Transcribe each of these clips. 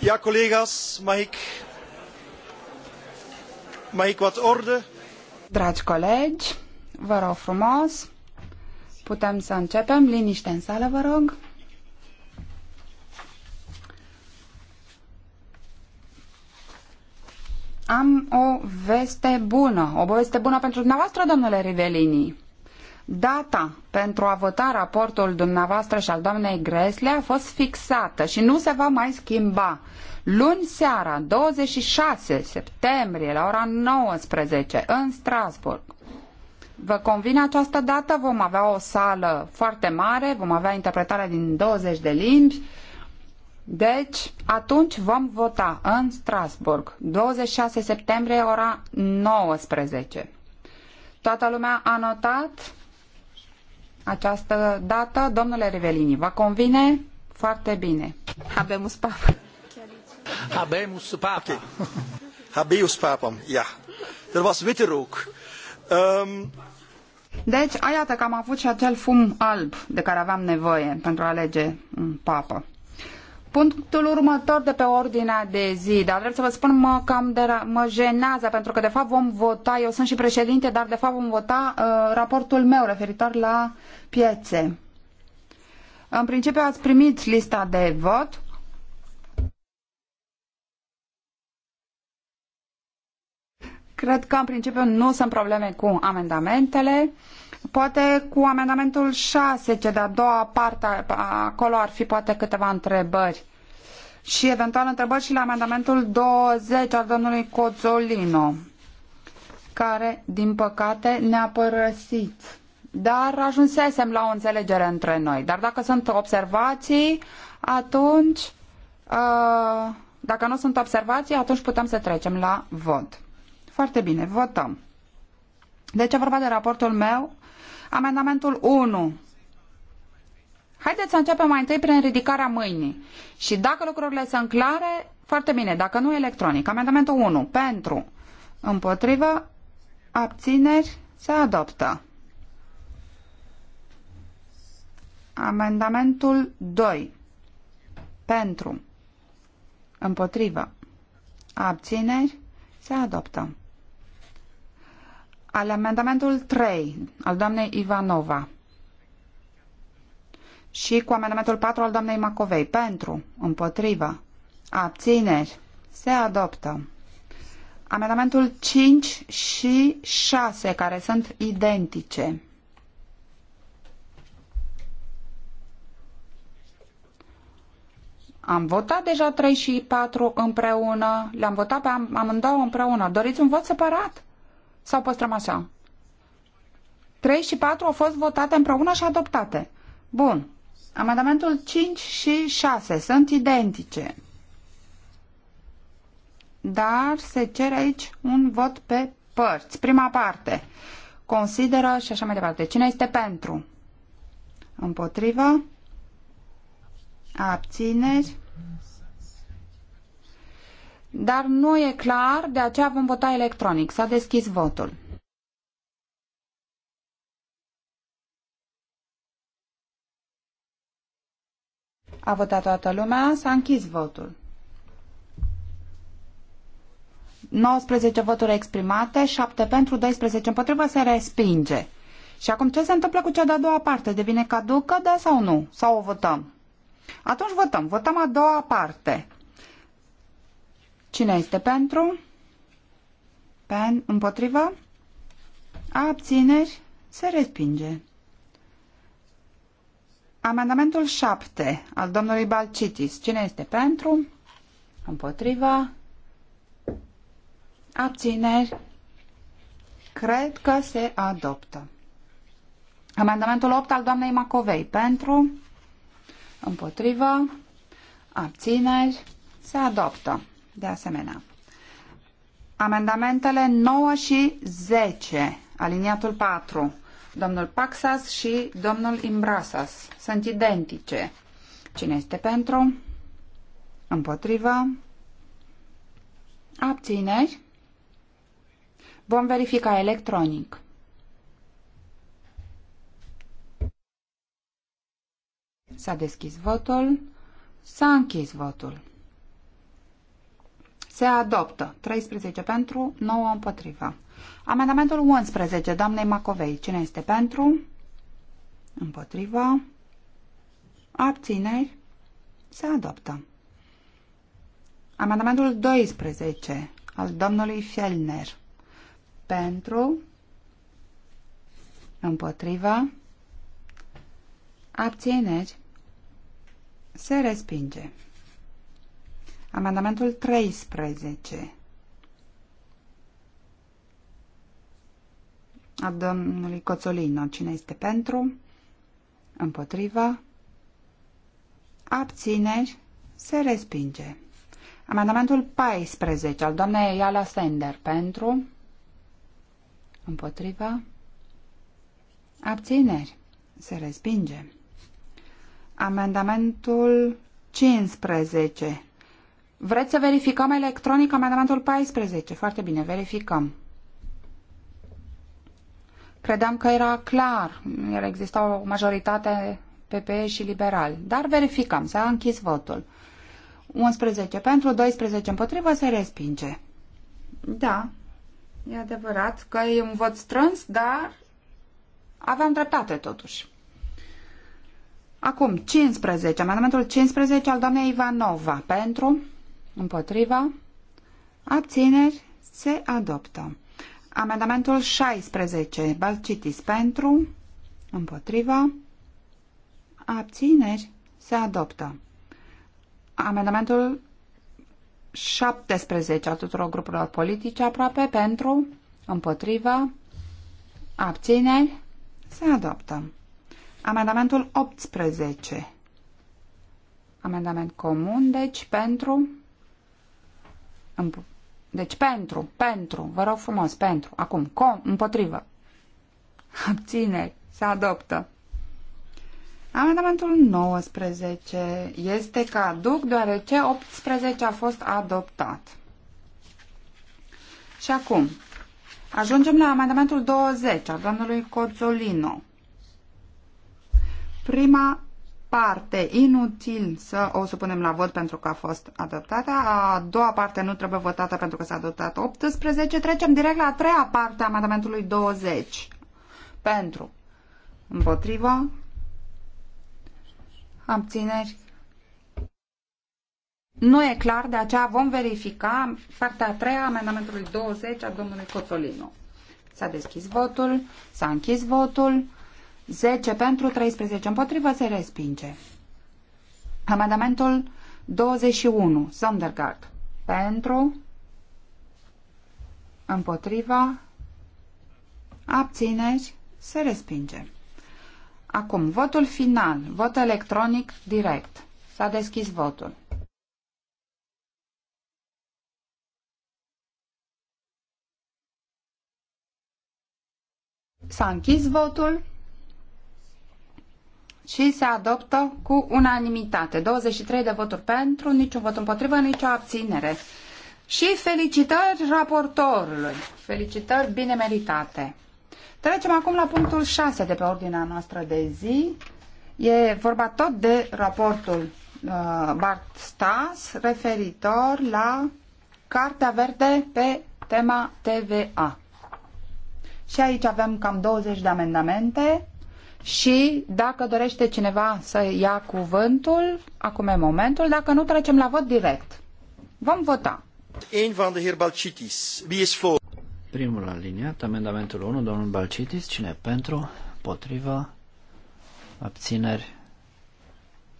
Ja, collega's, mag ik, mag ik wat orde? Dragi colegi, vă rog frumos, putem să începem. Liniște în sală, vă rog. Am o veste bună, o veste bună pentru dumneavoastră, domnule Rivelini data pentru a vota raportul dumneavoastră și al doamnei Gresle a fost fixată și nu se va mai schimba. Luni seara, 26 septembrie, la ora 19, în Strasburg. Vă convine această dată? Vom avea o sală foarte mare, vom avea interpretare din 20 de limbi. Deci, atunci vom vota în Strasburg, 26 septembrie, ora 19. Toată lumea a notat? această dată. Domnule Rivelini, vă convine? Foarte bine. Habemus papam. Habemus papam. Habemus papam, ja. Er was witte rook. Um... Deci, iată că am avut și acel fum alb de care aveam nevoie pentru a alege un papă. Punctul următor de pe ordinea de zi, dar trebuie să vă spun mă, cam de, mă jenează, pentru că de fapt vom vota, eu sunt și președinte, dar de fapt vom vota uh, raportul meu referitor la piețe. În principiu ați primit lista de vot. Cred că în principiu nu sunt probleme cu amendamentele. Poate cu amendamentul 6, cea de-a doua parte, acolo ar fi poate câteva întrebări. Și eventual întrebări și la amendamentul 20 al domnului Cozzolino, care, din păcate, ne-a părăsit. Dar ajunsesem la o înțelegere între noi. Dar dacă sunt observații, atunci... Uh, dacă nu sunt observații, atunci putem să trecem la vot. Foarte bine, votăm. Deci e vorba de raportul meu Amendamentul 1. Haideți să începem mai întâi prin ridicarea mâinii. Și dacă lucrurile sunt clare, foarte bine. Dacă nu, electronic. Amendamentul 1. Pentru. Împotrivă. Abțineri. Se adoptă. Amendamentul 2. Pentru. Împotrivă. Abțineri. Se adoptă al amendamentul 3 al doamnei Ivanova și cu amendamentul 4 al doamnei Macovei. Pentru, împotrivă, abțineri, se adoptă. Amendamentul 5 și 6, care sunt identice. Am votat deja 3 și 4 împreună, le-am votat pe am, amândouă împreună. Doriți un vot separat? Sau păstrăm așa? 3 și 4 au fost votate împreună și adoptate. Bun. Amendamentul 5 și 6 sunt identice. Dar se cere aici un vot pe părți. Prima parte. Consideră și așa mai departe. Cine este pentru? Împotrivă? Abțineri? dar nu e clar, de aceea vom vota electronic. S-a deschis votul. A votat toată lumea, s-a închis votul. 19 voturi exprimate, 7 pentru, 12 împotrivă, se respinge. Și acum ce se întâmplă cu cea de-a doua parte? Devine caducă, da sau nu? Sau o votăm? Atunci votăm. Votăm a doua parte. Cine este pentru? Pen împotriva? Abțineri? Se respinge. Amendamentul 7 al domnului Balcitis. Cine este pentru? Împotriva? Abțineri? Cred că se adoptă. Amendamentul 8 al doamnei Macovei. Pentru? Împotriva? Abțineri? Se adoptă de asemenea. Amendamentele 9 și 10, aliniatul 4, domnul Paxas și domnul Imbrasas, sunt identice. Cine este pentru? Împotrivă? Abțineri? Vom verifica electronic. S-a deschis votul. S-a închis votul. Se adoptă. 13 pentru, 9 împotrivă. Amendamentul 11, doamnei Macovei. Cine este pentru? Împotrivă. Abțineri. Se adoptă. Amendamentul 12 al domnului Fielner. Pentru. Împotrivă. Abțineri. Se respinge. Amendamentul 13 a domnului Coțolino. Cine este pentru? Împotriva? Abțineri? Se respinge. Amendamentul 14 al doamnei Iala Sender. Pentru? Împotriva? Abțineri? Se respinge. Amendamentul 15 Vreți să verificăm electronic amendamentul 14? Foarte bine, verificăm. Credeam că era clar, era exista o majoritate PPE și liberal, dar verificăm, s-a închis votul. 11 pentru, 12 împotrivă, se respinge. Da, e adevărat că e un vot strâns, dar aveam dreptate totuși. Acum, 15, amendamentul 15 al doamnei Ivanova, pentru... Împotriva. Abțineri. Se adoptă. Amendamentul 16. Balcitis pentru. Împotriva. Abțineri. Se adoptă. Amendamentul 17 a tuturor grupurilor politice aproape pentru, împotriva, abțineri, se adoptă. Amendamentul 18. Amendament comun, deci, pentru, deci pentru, pentru, vă rog frumos, pentru. Acum, com, împotrivă. Abțineri, se adoptă. Amendamentul 19 este caduc deoarece 18 a fost adoptat. Și acum, ajungem la amendamentul 20 al domnului Cozzolino. Prima parte inutil să o supunem la vot pentru că a fost adoptată. A doua parte nu trebuie votată pentru că s-a adoptat 18. Trecem direct la a treia parte a amendamentului 20. Pentru. Împotrivă. Abțineri. Nu e clar, de aceea vom verifica partea a treia amendamentului 20 a domnului Cotolino. S-a deschis votul, s-a închis votul. 10 pentru, 13 împotrivă, se respinge. Amendamentul 21, Sondergaard, pentru, împotriva, abțineri, se respinge. Acum, votul final, vot electronic direct. S-a deschis votul. S-a închis votul și se adoptă cu unanimitate. 23 de voturi pentru, niciun vot împotrivă, nicio abținere. Și felicitări raportorului. Felicitări bine meritate. Trecem acum la punctul 6 de pe ordinea noastră de zi. E vorba tot de raportul uh, Bart Stas referitor la Cartea Verde pe tema TVA. Și aici avem cam 20 de amendamente și dacă dorește cineva să ia cuvântul, acum e momentul, dacă nu trecem la vot direct. Vom vota. Een van de Balcitis. Wie is Primul aliniat, amendamentul 1, domnul Balcitis, cine pentru, potriva, abțineri.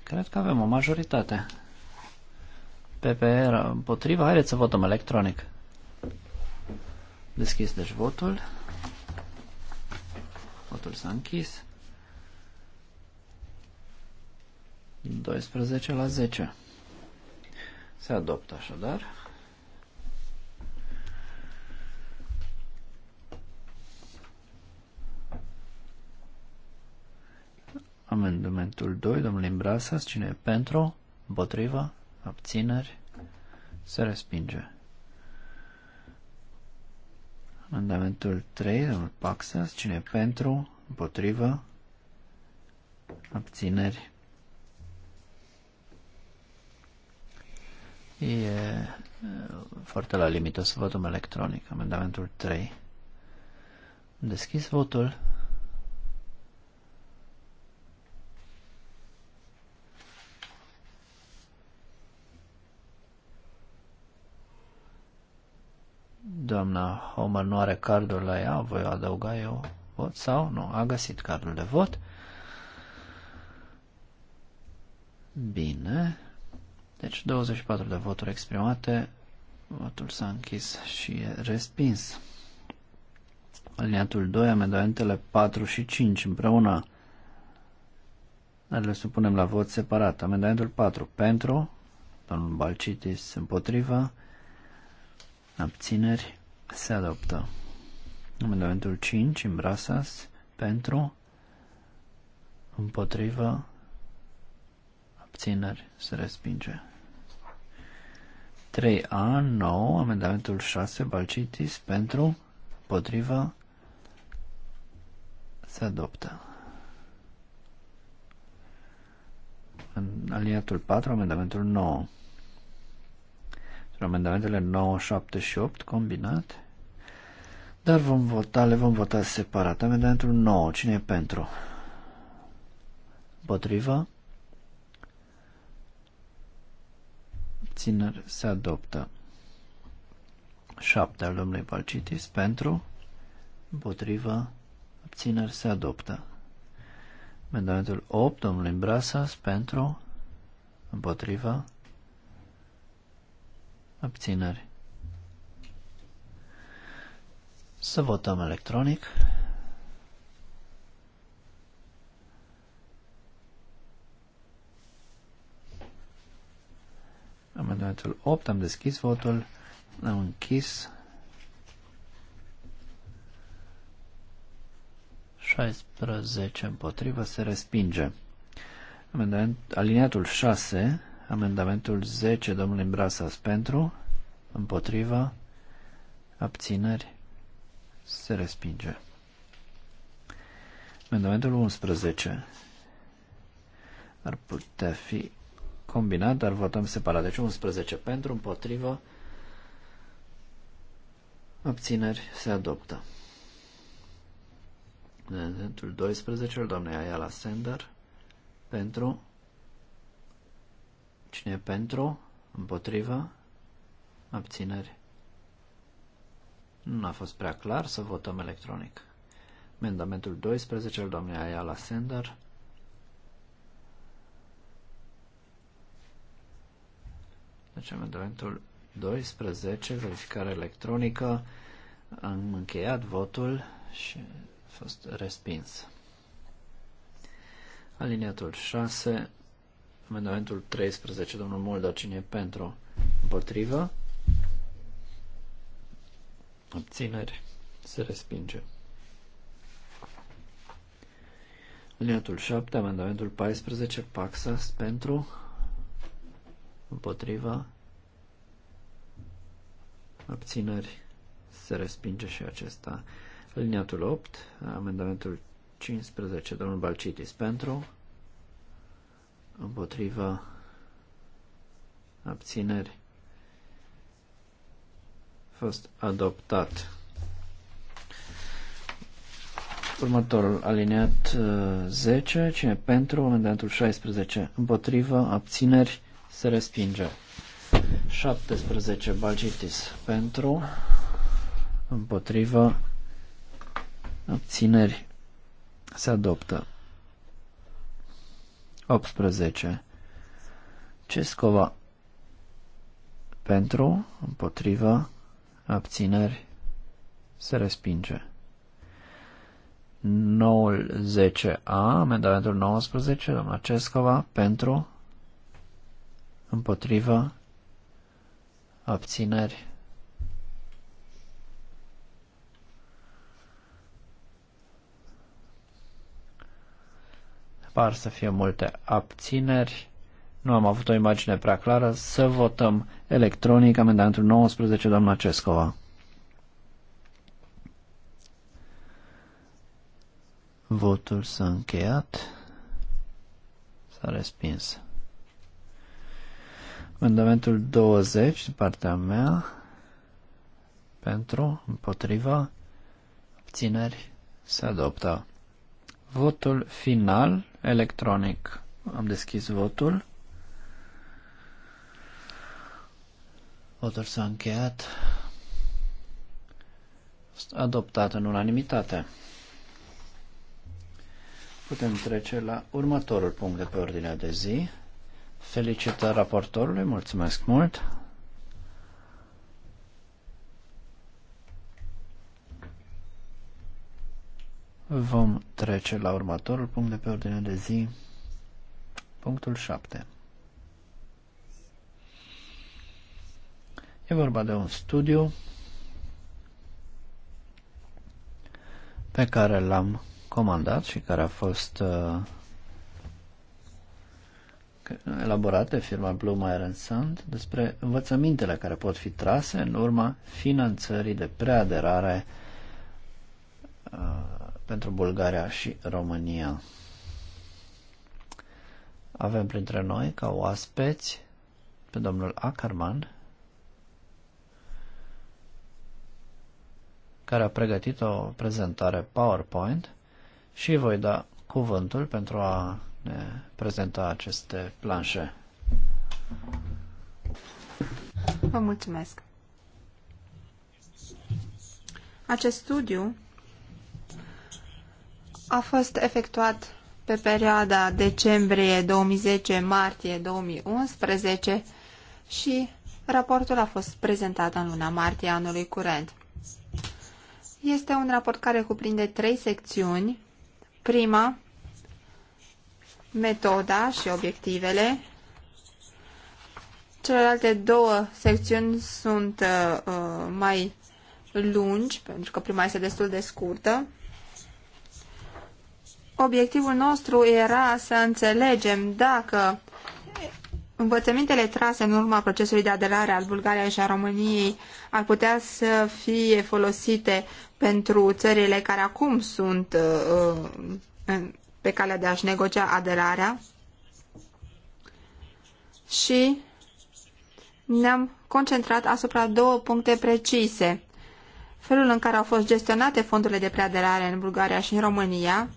Cred că avem o majoritate. PPR împotriva, haideți să votăm electronic. Deschis deci votul. Votul s-a închis. 12 la 10. Se adoptă așadar. Amendamentul 2, domnul Imbrasas, cine e pentru, împotriva, abțineri, se respinge. Amendamentul 3, domnul Paxas, cine e pentru, împotriva, abțineri, E foarte la limită să votăm electronic. Amendamentul 3. Am deschis votul. Doamna Homer nu are cardul la ea, voi adăuga eu vot sau nu, a găsit cardul de vot. Bine, deci 24 de voturi exprimate, votul s-a închis și e respins. Aliniatul 2, amendamentele 4 și 5 împreună. Dar le supunem la vot separat. Amendamentul 4 pentru, domnul Balcitis împotriva, abțineri, se adoptă. Amendamentul 5, îmbrasas, pentru, împotriva, abțineri, se respinge. 3A, 9, amendamentul 6, Balcitis, pentru, potrivă, se adoptă. În aliatul 4, amendamentul 9. Sunt amendamentele 9, 7 și 8 combinat. Dar vom vota, le vom vota separat. Amendamentul 9, cine e pentru? Potrivă? abțineri se adoptă. 7 al domnului Palcitis pentru, împotrivă, abțineri se adoptă. Amendamentul 8, domnului Brasas, pentru, împotrivă, abțineri. Să votăm electronic. Amendamentul 8, am deschis votul, am închis. 16 împotrivă se respinge. Amendament, aliniatul 6, amendamentul 10, domnul Imbrasas pentru, împotriva, abțineri, se respinge. Amendamentul 11 ar putea fi combinat, dar votăm separat. Deci 11 pentru, împotrivă, abțineri, se adoptă. Amendamentul 12 doamne doamnei Ayala Sender pentru cine e pentru, împotrivă, abțineri. Nu a fost prea clar să votăm electronic. Amendamentul 12 al doamnei Ayala Sender Deci amendamentul 12, verificare electronică, am încheiat votul și a fost respins. Aliniatul 6, amendamentul 13, domnul Moldar, cine e pentru? Împotrivă? Obțineri. Se respinge. Aliniatul 7, amendamentul 14, Paxas, pentru? împotriva, abțineri, se respinge și acesta. Liniatul 8, amendamentul 15, domnul Balcitis pentru, împotriva, abțineri, fost adoptat. Următorul alineat 10, uh, cine pentru, amendamentul 16, împotriva abțineri, se respinge. 17 balgitis pentru, împotrivă, abțineri, se adoptă. 18 Cescova pentru, împotrivă, abțineri, se respinge. 9-10A, amendamentul 19, doamna Cescova, pentru, împotriva, abțineri. Par să fie multe abțineri. Nu am avut o imagine prea clară. Să votăm electronic amendamentul 19, doamna Cescova. Votul s-a încheiat. S-a respins. Amendamentul 20 din partea mea pentru, împotriva, abțineri se adoptă. Votul final electronic. Am deschis votul. Votul s-a încheiat. Adoptat în unanimitate. Putem trece la următorul punct de pe ordinea de zi. Felicitări raportorului, mulțumesc mult. Vom trece la următorul punct de pe ordine de zi, punctul 7. E vorba de un studiu pe care l-am comandat și care a fost uh, elaborat de firma Blue Sand despre învățămintele care pot fi trase în urma finanțării de preaderare uh, pentru Bulgaria și România. Avem printre noi ca oaspeți pe domnul Ackerman, care a pregătit o prezentare PowerPoint și voi da cuvântul pentru a ne prezenta aceste planșe. Vă mulțumesc. Acest studiu a fost efectuat pe perioada decembrie 2010-martie 2011 și raportul a fost prezentat în luna martie anului curent. Este un raport care cuprinde trei secțiuni. Prima metoda și obiectivele. Celelalte două secțiuni sunt uh, uh, mai lungi, pentru că prima este destul de scurtă. Obiectivul nostru era să înțelegem dacă învățămintele trase în urma procesului de aderare al Bulgariei și a României ar putea să fie folosite pentru țările care acum sunt uh, uh în, pe calea de a-și negocia aderarea și ne-am concentrat asupra două puncte precise. Felul în care au fost gestionate fondurile de preaderare în Bulgaria și în România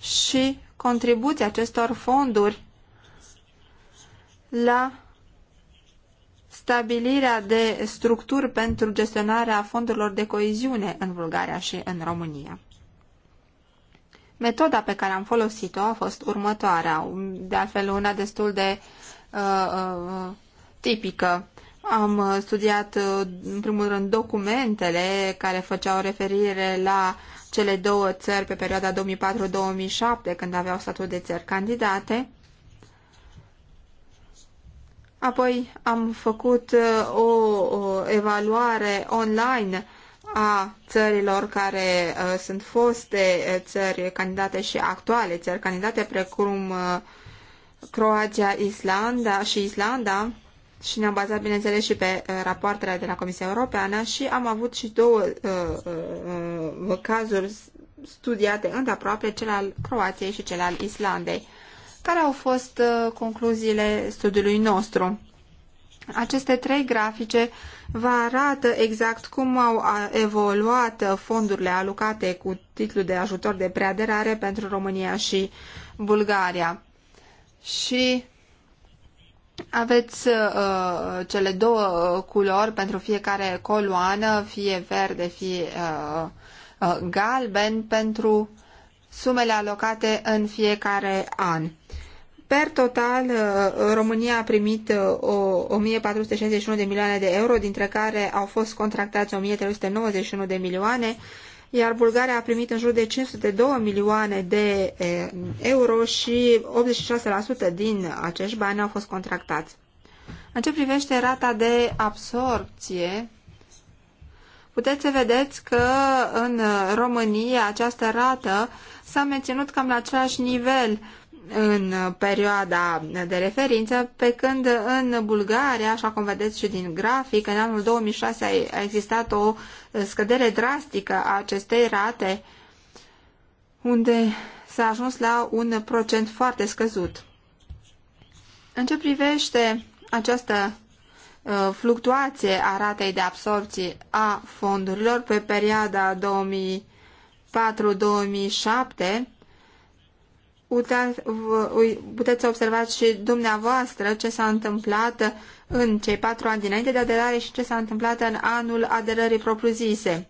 și contribuția acestor fonduri la stabilirea de structuri pentru gestionarea fondurilor de coeziune în Bulgaria și în România. Metoda pe care am folosit-o a fost următoarea, de altfel una destul de uh, uh tipică. Am uh, studiat, uh, în primul rând, documentele care făceau referire la cele două țări pe perioada 2004-2007, când aveau statut de țări candidate. Apoi am făcut o, o evaluare online a țărilor care uh, sunt foste uh, țări candidate și actuale țări candidate, precum uh, Croația, Islanda și Islanda, și ne-am bazat, bineînțeles, și pe uh, rapoartele de la Comisia Europeană și am avut și două uh, uh, cazuri studiate îndeaproape, cel al Croației și cel al Islandei. Care au fost concluziile studiului nostru? Aceste trei grafice vă arată exact cum au evoluat fondurile alocate cu titlul de ajutor de preaderare pentru România și Bulgaria. Și aveți uh, cele două culori pentru fiecare coloană, fie verde, fie uh, uh, galben, pentru sumele alocate în fiecare an. Per total, uh, România a primit 1461 uh, de milioane de euro, dintre care au fost contractați 1391 de milioane, iar Bulgaria a primit în jur de 502 milioane de eh, euro și 86% din acești bani au fost contractați. În ce privește rata de absorpție, puteți să vedeți că în România această rată s-a menținut cam la același nivel în perioada de referință, pe când în Bulgaria, așa cum vedeți și din grafic, în anul 2006 a existat o scădere drastică a acestei rate, unde s-a ajuns la un procent foarte scăzut. În ce privește această uh, fluctuație a ratei de absorție a fondurilor pe perioada 2004-2007, puteți observa și dumneavoastră ce s-a întâmplat în cei patru ani dinainte de aderare și ce s-a întâmplat în anul aderării propriu-zise.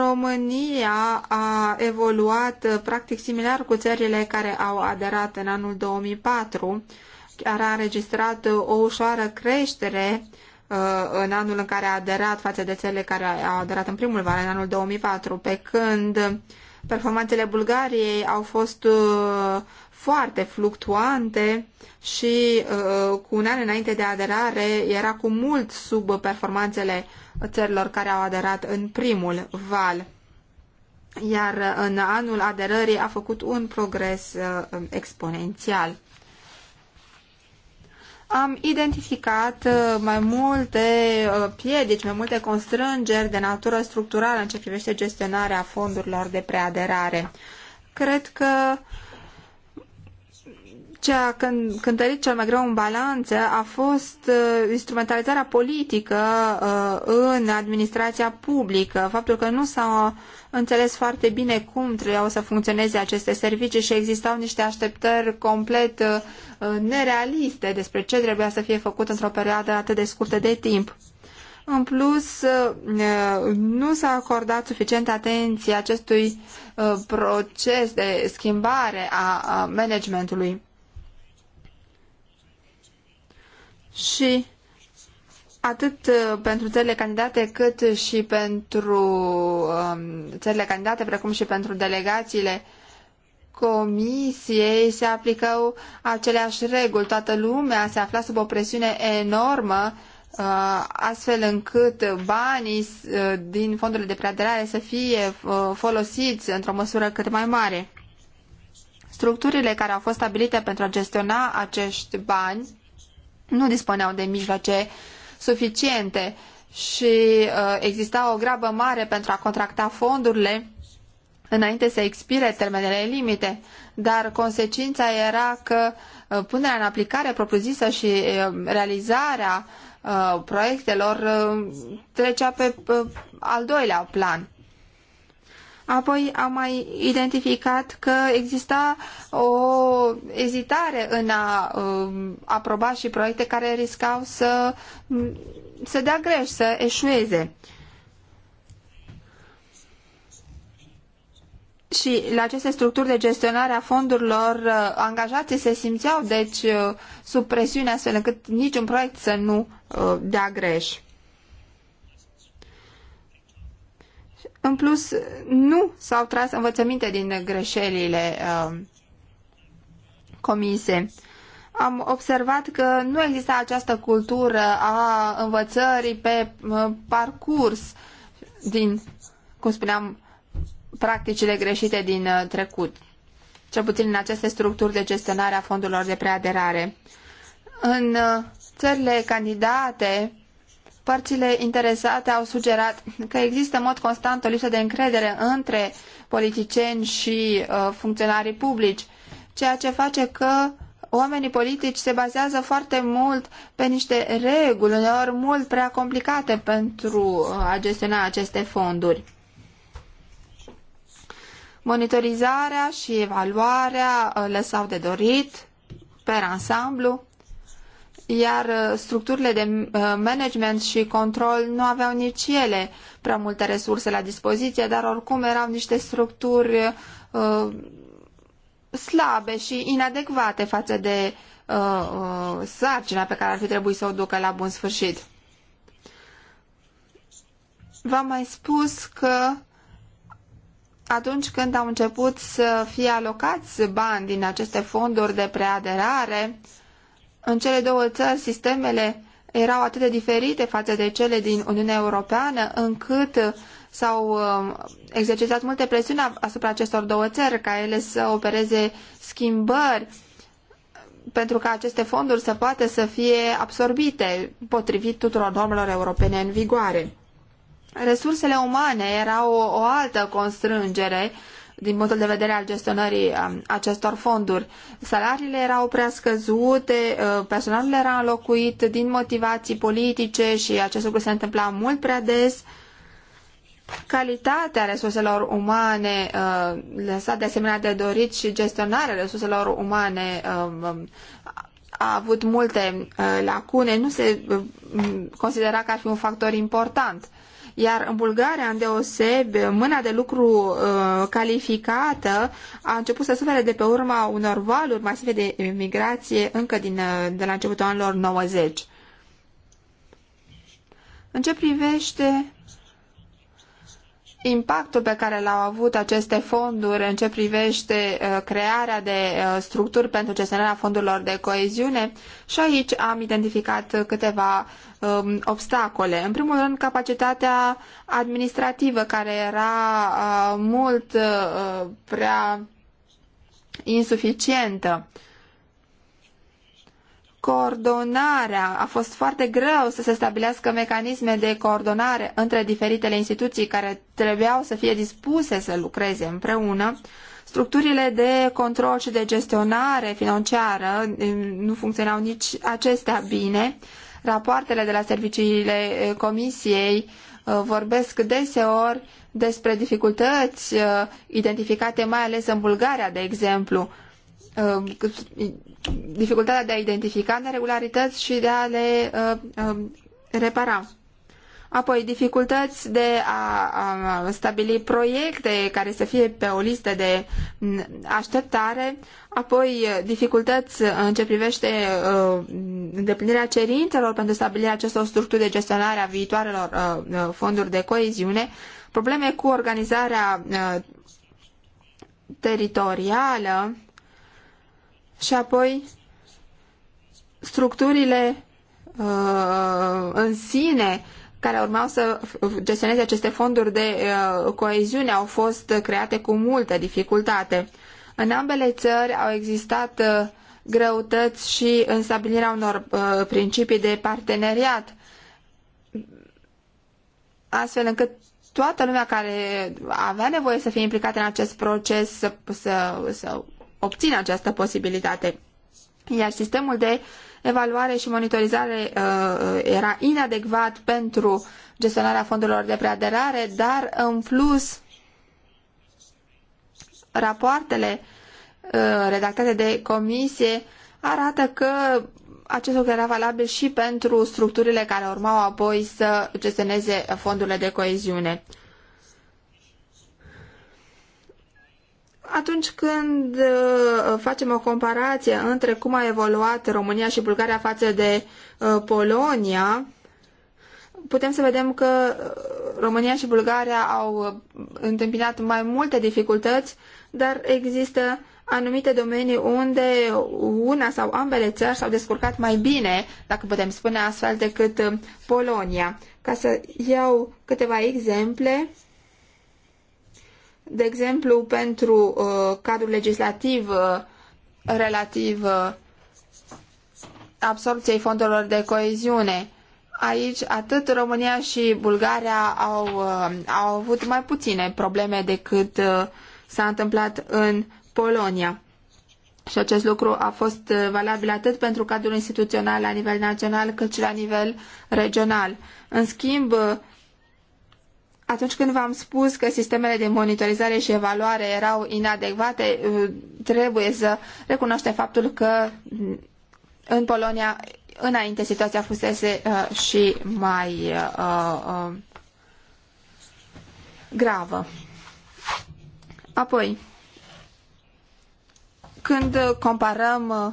România a evoluat uh, practic similar cu țările care au aderat în anul 2004, chiar a înregistrat uh, o ușoară creștere uh, în anul în care a aderat față de țările care au aderat în primul vară, în anul 2004, pe când Performanțele Bulgariei au fost uh, foarte fluctuante și uh, cu un an înainte de aderare era cu mult sub performanțele țărilor care au aderat în primul val. Iar uh, în anul aderării a făcut un progres exponențial am identificat uh, mai multe uh, piedici, mai multe constrângeri de natură structurală în ce privește gestionarea fondurilor de preaderare. Cred că ce a cântărit cel mai greu în balanță a fost uh, instrumentalizarea politică în administrația publică, faptul că nu s au înțeles foarte bine cum trebuiau să funcționeze aceste servicii și existau niște așteptări complet uh, nerealiste despre ce trebuia să fie făcut într-o perioadă atât de scurtă de timp. În plus, uh, nu s-a acordat suficientă atenție acestui uh, proces de schimbare a managementului. Și atât uh, pentru țările candidate cât și pentru um, țările candidate, precum și pentru delegațiile comisiei se aplicau aceleași reguli. Toată lumea se afla sub o presiune enormă uh, astfel încât banii uh, din fondurile de preaderare să fie folosiți într-o măsură cât mai mare. Structurile care au fost stabilite pentru a gestiona acești bani nu dispuneau de mijloace uh, suficiente și uh, exista o grabă mare pentru a contracta fondurile înainte să expire termenele limite, dar consecința era că uh, punerea în aplicare propriu-zisă și uh, realizarea proiectelor trecea pe al doilea plan. Apoi am mai identificat că exista o ezitare în a um, aproba și proiecte care riscau să, să dea greș, să eșueze. Și la aceste structuri de gestionare a fondurilor, uh, angajații se simțeau, deci, uh, sub presiune, astfel încât niciun proiect să nu uh, dea greș. În plus, nu s-au tras învățăminte din greșelile uh, comise. Am observat că nu exista această cultură a învățării pe uh, parcurs din, cum spuneam, practicile greșite din uh, trecut, cel puțin în aceste structuri de gestionare a fondurilor de preaderare. În țările candidate, Părțile interesate au sugerat că există în mod constant o lipsă de încredere între politicieni și uh, funcționarii publici, ceea ce face că oamenii politici se bazează foarte mult pe niște reguli, uneori mult prea complicate pentru uh, a gestiona aceste fonduri. Monitorizarea și evaluarea uh, lăsau de dorit per ansamblu iar uh, structurile de uh, management și control nu aveau nici ele prea multe resurse la dispoziție, dar oricum erau niște structuri uh, slabe și inadecvate față de uh, uh, sarcina pe care ar fi trebuit să o ducă la bun sfârșit. V-am mai spus că atunci când au început să fie alocați bani din aceste fonduri de preaderare, în cele două țări, sistemele erau atât de diferite față de cele din Uniunea Europeană, încât s-au um, exercitat multe presiuni asupra acestor două țări ca ele să opereze schimbări pentru ca aceste fonduri să poată să fie absorbite potrivit tuturor normelor europene în vigoare. Resursele umane erau o, altă constrângere uh, din punctul de vedere al gestionării um, acestor fonduri. Salariile erau prea scăzute, uh, personalul era înlocuit din motivații politice și acest lucru se întâmpla mult prea des. Calitatea resurselor umane uh, lăsat de asemenea de dorit și gestionarea resurselor umane um, um, a avut multe uh, lacune, nu se considera că ar fi un factor important iar în Bulgaria, îndeosebi, mâna de lucru uh, calificată a început să sufere de pe urma unor valuri masive de migrație încă din, uh, de la începutul anilor 90. În ce privește impactul pe care l-au avut aceste fonduri în ce privește uh, crearea de uh, structuri pentru gestionarea fondurilor de coeziune și aici am identificat câteva um, obstacole. În primul rând, capacitatea administrativă care era uh, mult uh, prea insuficientă. Uh, coordonarea, a fost foarte greu să se stabilească mecanisme de coordonare între diferitele instituții care trebuiau să fie dispuse să lucreze împreună, structurile de control și de gestionare financiară eh, nu funcționau nici acestea bine, rapoartele de la serviciile eh, comisiei eh, vorbesc deseori despre dificultăți identificate mai ales în Bulgaria, de exemplu, dificultatea de a identifica neregularități și de a le uh, uh, repara. Apoi, dificultăți de a, a stabili proiecte care să fie pe o listă de așteptare, apoi uh, dificultăți în ce privește uh, îndeplinirea cerințelor pentru stabilirea acestor structuri de gestionare a viitoarelor uh, uh fonduri de coeziune, probleme cu organizarea uh, teritorială, și apoi structurile uh, în sine care urmau să gestioneze aceste fonduri de uh, coeziune au fost create cu multă dificultate. În ambele țări au existat uh, greutăți și în stabilirea unor uh, principii de parteneriat, astfel încât toată lumea care avea nevoie să fie implicată în acest proces să, să, să obțină această posibilitate. Iar sistemul de evaluare și monitorizare uh, era inadecvat pentru gestionarea fondurilor de preaderare, dar în plus rapoartele uh, redactate de comisie arată că acest lucru era valabil și pentru structurile care urmau apoi să gestioneze fondurile de coeziune. Atunci când uh, facem o comparație între cum a evoluat România și Bulgaria față de uh, Polonia, putem să vedem că uh, România și Bulgaria au întâmpinat mai multe dificultăți, dar există anumite domenii unde una sau ambele țări s-au descurcat mai bine, dacă putem spune astfel, decât Polonia. Ca să iau câteva exemple, de exemplu, pentru uh, cadrul legislativ uh, relativ uh, absorpției fondurilor de coeziune. Aici atât România și Bulgaria au, uh, au avut mai puține probleme decât uh, s-a întâmplat în Polonia. Și acest lucru a fost uh, valabil atât pentru cadrul instituțional la nivel național, cât și la nivel regional. În schimb, uh, atunci când v-am spus că sistemele de monitorizare și evaluare erau inadecvate, uh, trebuie să recunoaște faptul că mm, în Polonia înainte situația fusese uh, și mai uh, uh, gravă. Apoi, când comparăm uh,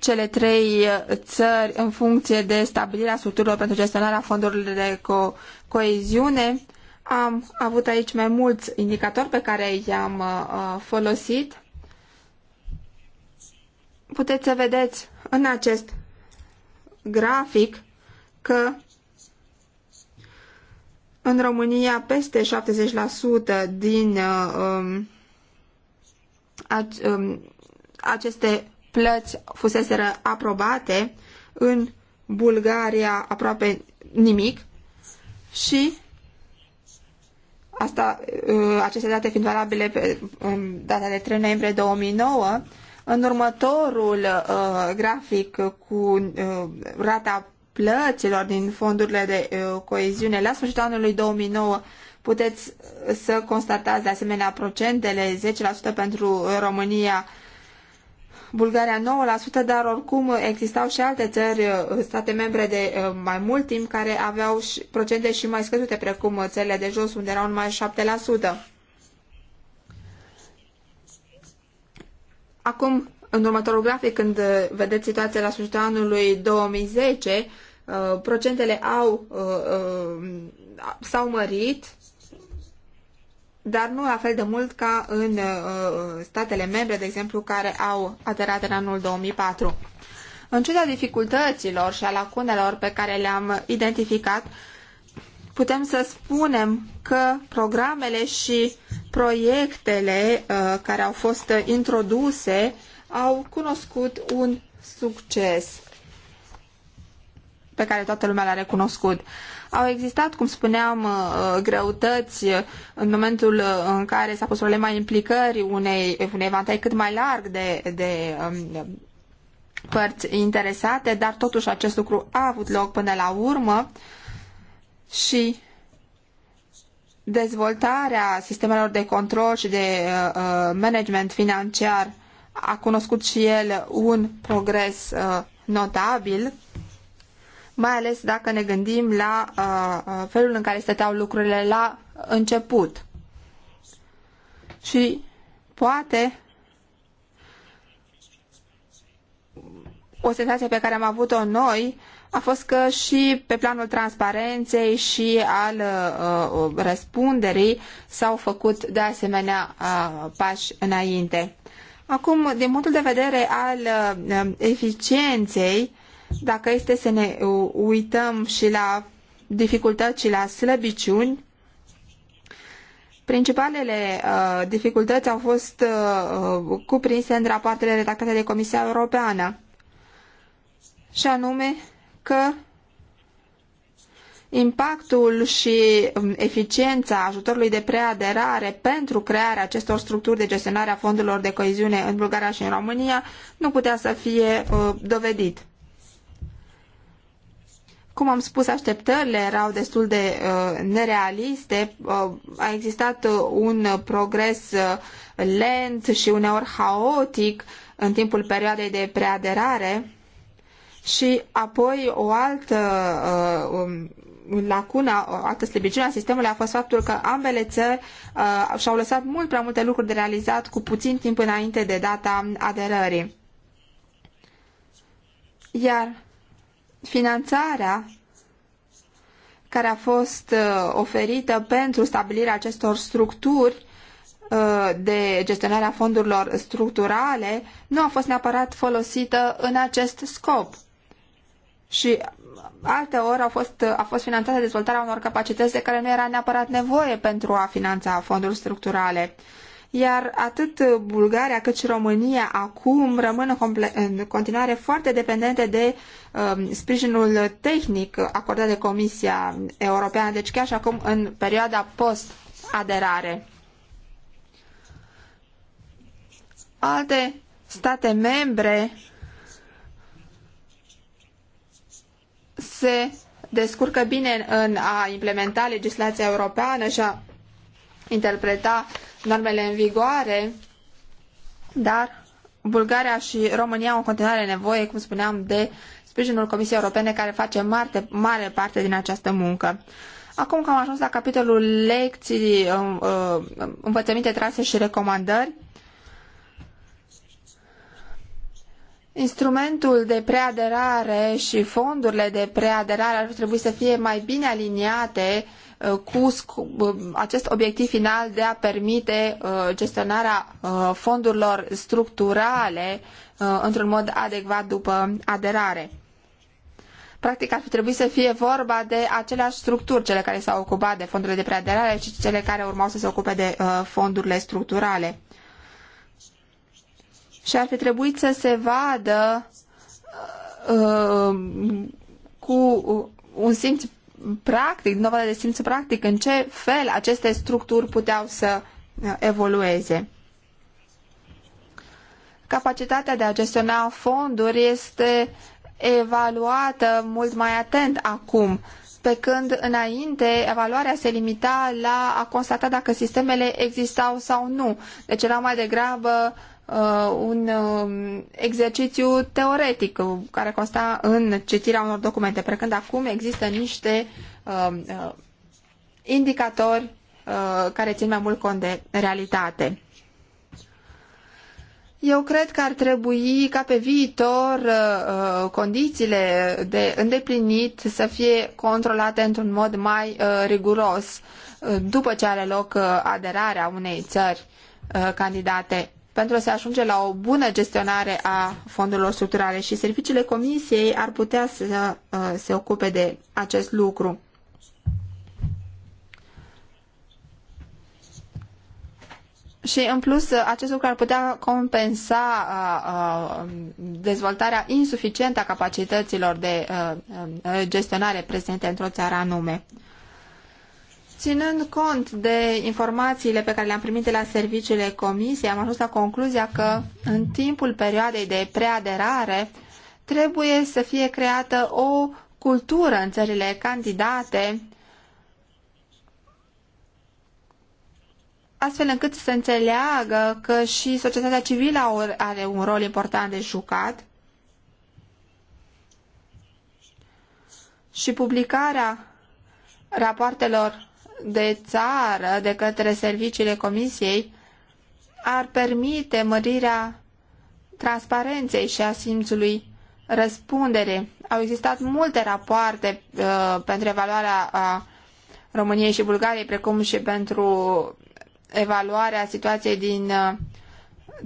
cele trei uh, țări în funcție de stabilirea structurilor pentru gestionarea fondurilor de co- coeziune. Am avut aici mai mulți indicatori pe care i-am uh, uh, folosit. Puteți să vedeți în acest grafic că în România peste 70% din uh, um, um, aceste plăți fuseseră aprobate, în Bulgaria aproape nimic, și asta, ă, aceste date fiind valabile pe data de 3 noiembrie 2009, în următorul ă, grafic cu ă, rata plăților din fondurile de coeziune la sfârșitul anului 2009 puteți să constatați de asemenea procentele 10% pentru România, Bulgaria 9%, dar oricum existau și alte țări, uh, state membre de uh, mai mult timp, care aveau procente și mai scăzute, precum uh, țările de jos, unde erau numai 7%. Acum, în următorul grafic, când vedeți situația la sfârșitul anului 2010, procentele au, s-au mărit, dar nu la fel de mult ca în uh, statele membre, de exemplu, care au aderat în anul 2004. În ciuda dificultăților și a lacunelor pe care le-am identificat, putem să spunem că programele și proiectele uh, care au fost introduse au cunoscut un succes pe care toată lumea l-a recunoscut. Au existat, cum spuneam, uh, greutăți uh, în momentul uh, în care s-a pus problema implicării unei, unei vantai cât mai larg de, de um, părți interesate, dar totuși acest lucru a avut loc până la urmă și dezvoltarea sistemelor de control și de uh, management financiar a cunoscut și el un progres uh, notabil mai ales dacă ne gândim la uh, uh felul în care stăteau lucrurile la început. Și poate o senzație pe care am avut-o noi a fost că și pe planul transparenței și al uh, uh răspunderii s-au făcut de asemenea uh, pași înainte. Acum, din punctul de vedere al uh, eficienței, dacă este să ne uităm și la dificultăți și la slăbiciuni, Principalele uh, dificultăți au fost uh, uh cuprinse în rapoartele redactate de Comisia Europeană, și anume că impactul și um, eficiența ajutorului de preaderare pentru crearea acestor structuri de gestionare a fondurilor de coeziune în Bulgaria și în România nu putea să fie uh, dovedit. Cum am spus, așteptările erau destul de uh, nerealiste, uh, a existat uh, un progres uh, lent și uneori haotic în timpul perioadei de preaderare și apoi o altă uh, um, lacună, o altă slăbiciune a sistemului a fost faptul că ambele țări uh, și-au lăsat mult prea multe lucruri de realizat cu puțin timp înainte de data aderării. Iar Finanțarea care a fost uh, oferită pentru stabilirea acestor structuri uh, de gestionare a fondurilor structurale nu a fost neapărat folosită în acest scop. Și alte ori au fost, a fost finanțată dezvoltarea unor capacități de care nu era neapărat nevoie pentru a finanța fonduri structurale iar atât Bulgaria cât și România acum rămân în, continuare foarte dependente de um, sprijinul tehnic acordat de Comisia Europeană, deci chiar și acum în perioada post-aderare. Alte state membre se descurcă bine în a implementa legislația europeană și a interpreta normele în vigoare, dar Bulgaria și România au în continuare nevoie, cum spuneam, de sprijinul Comisiei Europene care face mare, mare parte din această muncă. Acum că am ajuns la capitolul lecții, um, um, învățăminte trase și recomandări, instrumentul de preaderare și fondurile de preaderare ar trebui să fie mai bine aliniate uh, Uh, cu uh, acest obiectiv final de a permite uh, gestionarea fondurilor structurale într-un mod adecvat după aderare. Practic ar fi trebuit să fie vorba de aceleași structuri, cele care s-au ocupat de fondurile de preaderare și cele care urmau să se ocupe de fondurile structurale. Și ar fi trebuit să se vadă cu un simț practic, din dovadă de simț practic, în ce fel aceste structuri puteau să uh, evolueze. Capacitatea de a gestiona fonduri este evaluată mult mai atent acum, pe când înainte evaluarea se limita la a constata dacă sistemele existau sau nu. Deci era mai degrabă uh, un uh, exercițiu teoretic uh, care consta în citirea unor documente, precând acum există niște uh, uh, indicatori uh, care țin mai mult cont de realitate. Eu cred că ar trebui ca pe viitor uh, uh condițiile de îndeplinit să fie controlate într-un mod mai uh, riguros uh, după ce are loc uh, aderarea unei țări candidate pentru a se ajunge la o bună gestionare a fondurilor structurale și serviciile comisiei ar putea să uh, se ocupe de acest lucru. Și în plus, acest lucru ar putea compensa uh, uh, dezvoltarea insuficientă a capacităților de gestionare prezente într-o țară anume. Ținând cont de informațiile pe care le-am primit de la serviciile comisiei, am ajuns la concluzia că în timpul perioadei de preaderare trebuie să fie creată o cultură în țările candidate astfel încât să înțeleagă că și societatea civilă are un rol important de jucat și publicarea rapoartelor de țară de către serviciile comisiei ar permite mărirea transparenței și a simțului răspundere. Au existat multe rapoarte uh, pentru evaluarea a României și Bulgariei, precum și pentru evaluarea situației din uh,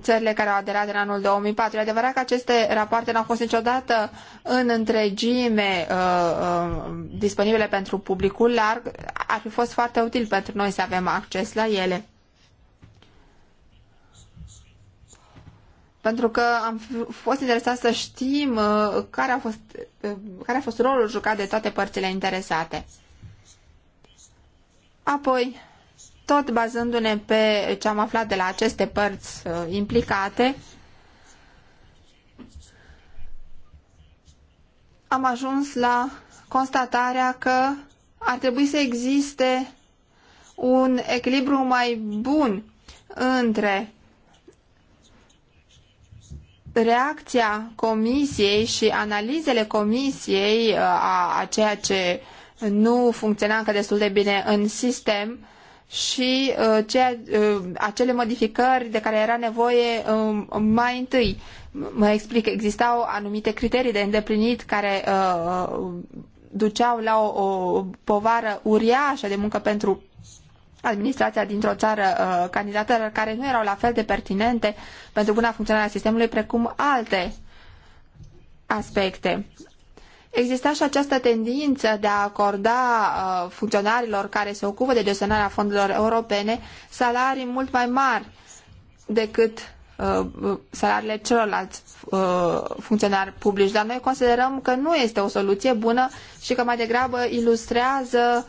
țările care au aderat în anul 2004. E adevărat că aceste rapoarte nu au fost niciodată în întregime uh, uh, disponibile pentru publicul larg. Ar fi fost foarte util pentru noi să avem acces la ele. Pentru că am fost interesat să știm uh, care, a fost, uh, care a fost rolul jucat de toate părțile interesate. Apoi, tot bazându-ne pe ce am aflat de la aceste părți uh, implicate, am ajuns la constatarea că ar trebui să existe un echilibru mai bun între reacția comisiei și analizele comisiei uh, a, a ceea ce nu funcționa încă destul de bine în sistem și uh, ceea, uh, acele modificări de care era nevoie uh, mai întâi. Mă explic, existau anumite criterii de îndeplinit care uh, uh, duceau la o, o povară uriașă de muncă pentru administrația dintr-o țară uh, candidată care nu erau la fel de pertinente pentru buna funcționare a sistemului precum alte aspecte. Exista și această tendință de a acorda uh, funcționarilor care se ocupă de gestionarea fondurilor europene salarii mult mai mari decât uh, salariile celorlalți uh, funcționari publici, dar noi considerăm că nu este o soluție bună și că mai degrabă ilustrează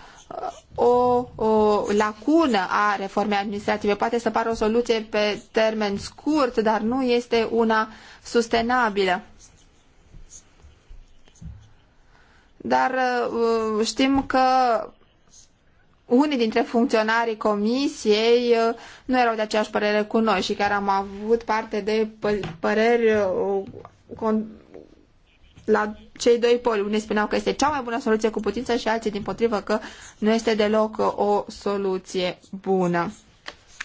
o, o lacună a reformei administrative. Poate să pară o soluție pe termen scurt, dar nu este una sustenabilă. dar uh, știm că unii dintre funcționarii comisiei uh, nu erau de aceeași părere cu noi și chiar am avut parte de păreri uh, la cei doi poli. Unii spuneau că este cea mai bună soluție cu putință și alții din potrivă că nu este deloc o soluție bună.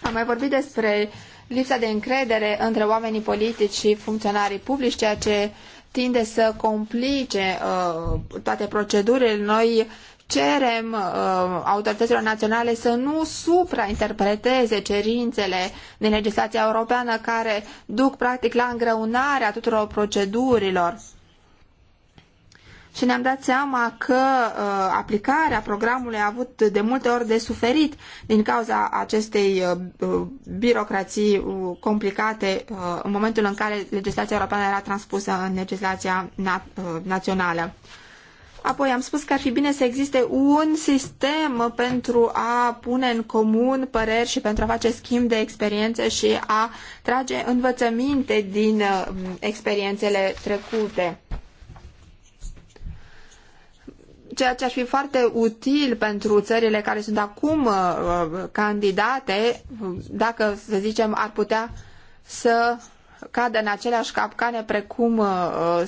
Am mai vorbit despre lipsa de încredere între oamenii politici și funcționarii publici, ceea ce uh, tinde să complice uh, toate procedurile. Noi cerem uh, autorităților naționale să nu suprainterpreteze cerințele din legislația europeană care duc practic la îngreunarea tuturor procedurilor și ne-am dat seama că uh, aplicarea programului a avut de multe ori de suferit din cauza acestei uh, uh, birocrații uh, complicate uh, în momentul în care legislația europeană era transpusă în legislația na- uh, națională. Apoi am spus că ar fi bine să existe un sistem pentru a pune în comun păreri și pentru a face schimb de experiențe și a trage învățăminte din uh, experiențele trecute. ceea ce ar fi foarte util pentru țările care sunt acum uh, uh, candidate, dacă, să zicem, ar putea să cadă în aceleași capcane precum uh,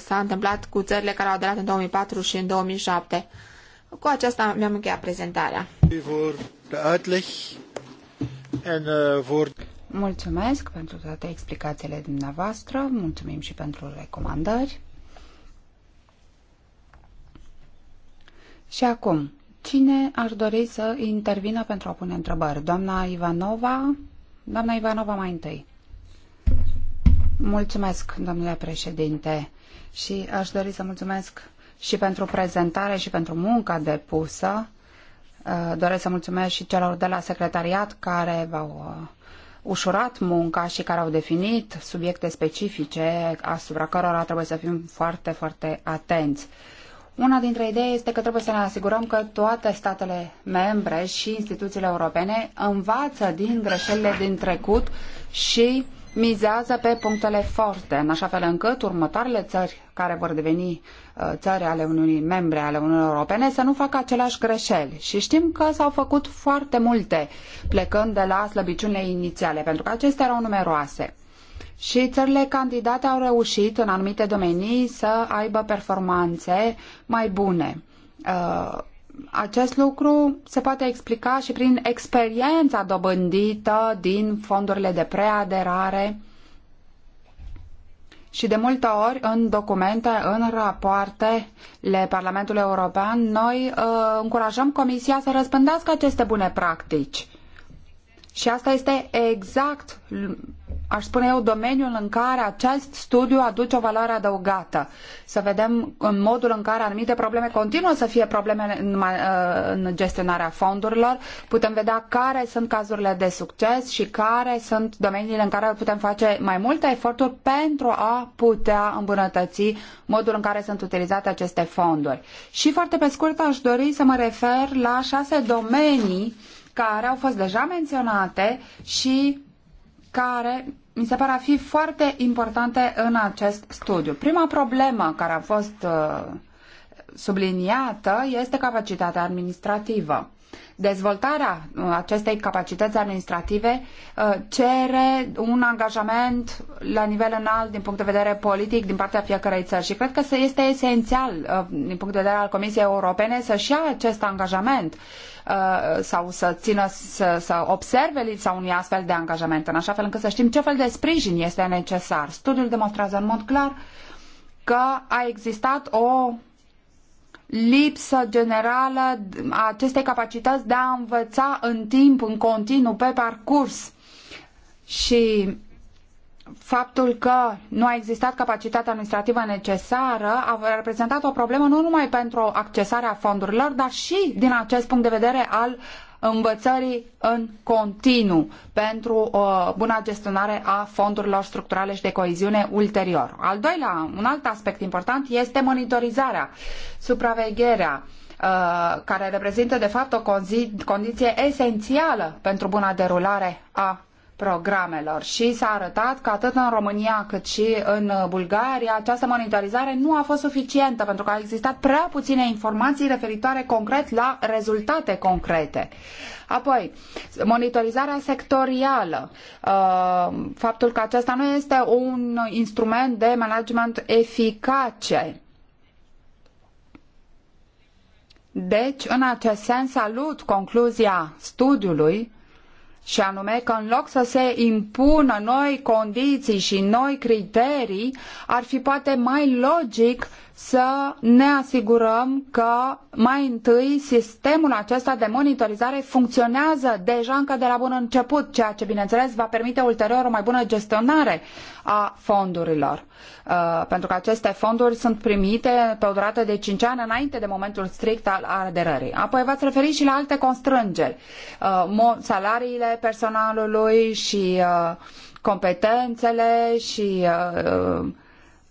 s-a întâmplat cu țările care au aderat în 2004 și în 2007. Cu aceasta mi-am încheiat prezentarea. Mulțumesc pentru toate explicațiile dumneavoastră, mulțumim și pentru recomandări. Și acum, cine ar dori să intervină pentru a pune întrebări? Doamna Ivanova? Doamna Ivanova mai întâi. Mulțumesc, domnule președinte, și aș dori să mulțumesc și pentru prezentare și pentru munca depusă. Uh, doresc să mulțumesc și celor de la secretariat care v-au uh, ușurat munca și care au definit subiecte specifice asupra cărora trebuie să fim foarte, foarte atenți. Uh, una dintre idei este că trebuie să ne asigurăm că toate statele membre și instituțiile europene învață din greșelile din trecut și mizează pe punctele forte, în așa fel încât următoarele țări care vor deveni uh, țări ale Uniunii, membre ale Uniunii Europene, să nu facă aceleași greșeli. Și știm că s-au făcut foarte multe, plecând de la slăbiciunile inițiale, pentru că acestea erau numeroase. Și țările candidate au reușit în anumite domenii să aibă performanțe mai bune. Uh, acest lucru se poate explica și prin experiența dobândită din fondurile de preaderare și de multe ori în documente, în rapoartele Parlamentului European, noi uh, încurajăm Comisia să răspândească aceste bune practici. Și asta este exact aș spune eu, domeniul în care acest studiu aduce o valoare adăugată. Să vedem în modul în care anumite probleme continuă să fie probleme în, uh, în gestionarea fondurilor. Putem vedea care sunt cazurile de succes și care sunt domeniile în care putem face mai multe eforturi pentru a putea îmbunătăți modul în care sunt utilizate aceste fonduri. Și foarte pe scurt aș dori să mă refer la șase domenii care au fost deja menționate și care mi se pare a fi foarte importante în acest studiu. Prima problemă care a fost uh, subliniată este capacitatea administrativă. Dezvoltarea uh, acestei capacități administrative uh, cere un angajament la nivel înalt din punct de vedere politic din partea fiecărei țări și cred că este esențial uh, din punct de vedere al Comisiei Europene să-și ia acest angajament sau să țină, să, să observe lipsa unui astfel de angajament, în așa fel încât să știm ce fel de sprijin este necesar. Studiul demonstrează în mod clar că a existat o lipsă generală a acestei capacități de a învăța în timp, în continuu, pe parcurs. Și faptul că nu a existat capacitatea administrativă necesară a reprezentat o problemă nu numai pentru accesarea fondurilor, dar și din acest punct de vedere al învățării în continuu pentru o uh, bună gestionare a fondurilor structurale și de coeziune ulterior. Al doilea, un alt aspect important este monitorizarea, supravegherea, uh, care reprezintă de fapt o condiție esențială pentru buna derulare a programelor și s-a arătat că atât în România cât și în uh, Bulgaria această monitorizare nu a fost suficientă pentru că au existat prea puține informații referitoare concret la rezultate concrete. Apoi, monitorizarea sectorială, uh, faptul că acesta nu este un instrument de management eficace. Deci, în acest sens, salut concluzia studiului și anume că în loc să se impună noi condiții și noi criterii, ar fi poate mai logic să ne asigurăm că mai întâi sistemul acesta de monitorizare funcționează deja încă de la bun început, ceea ce bineînțeles va permite ulterior o mai bună gestionare a fondurilor. Uh, pentru că aceste fonduri sunt primite pe o durată de cinci ani înainte de momentul strict al aderării. Apoi v-ați referit și la alte constrângeri, uh, salariile personalului și uh, competențele și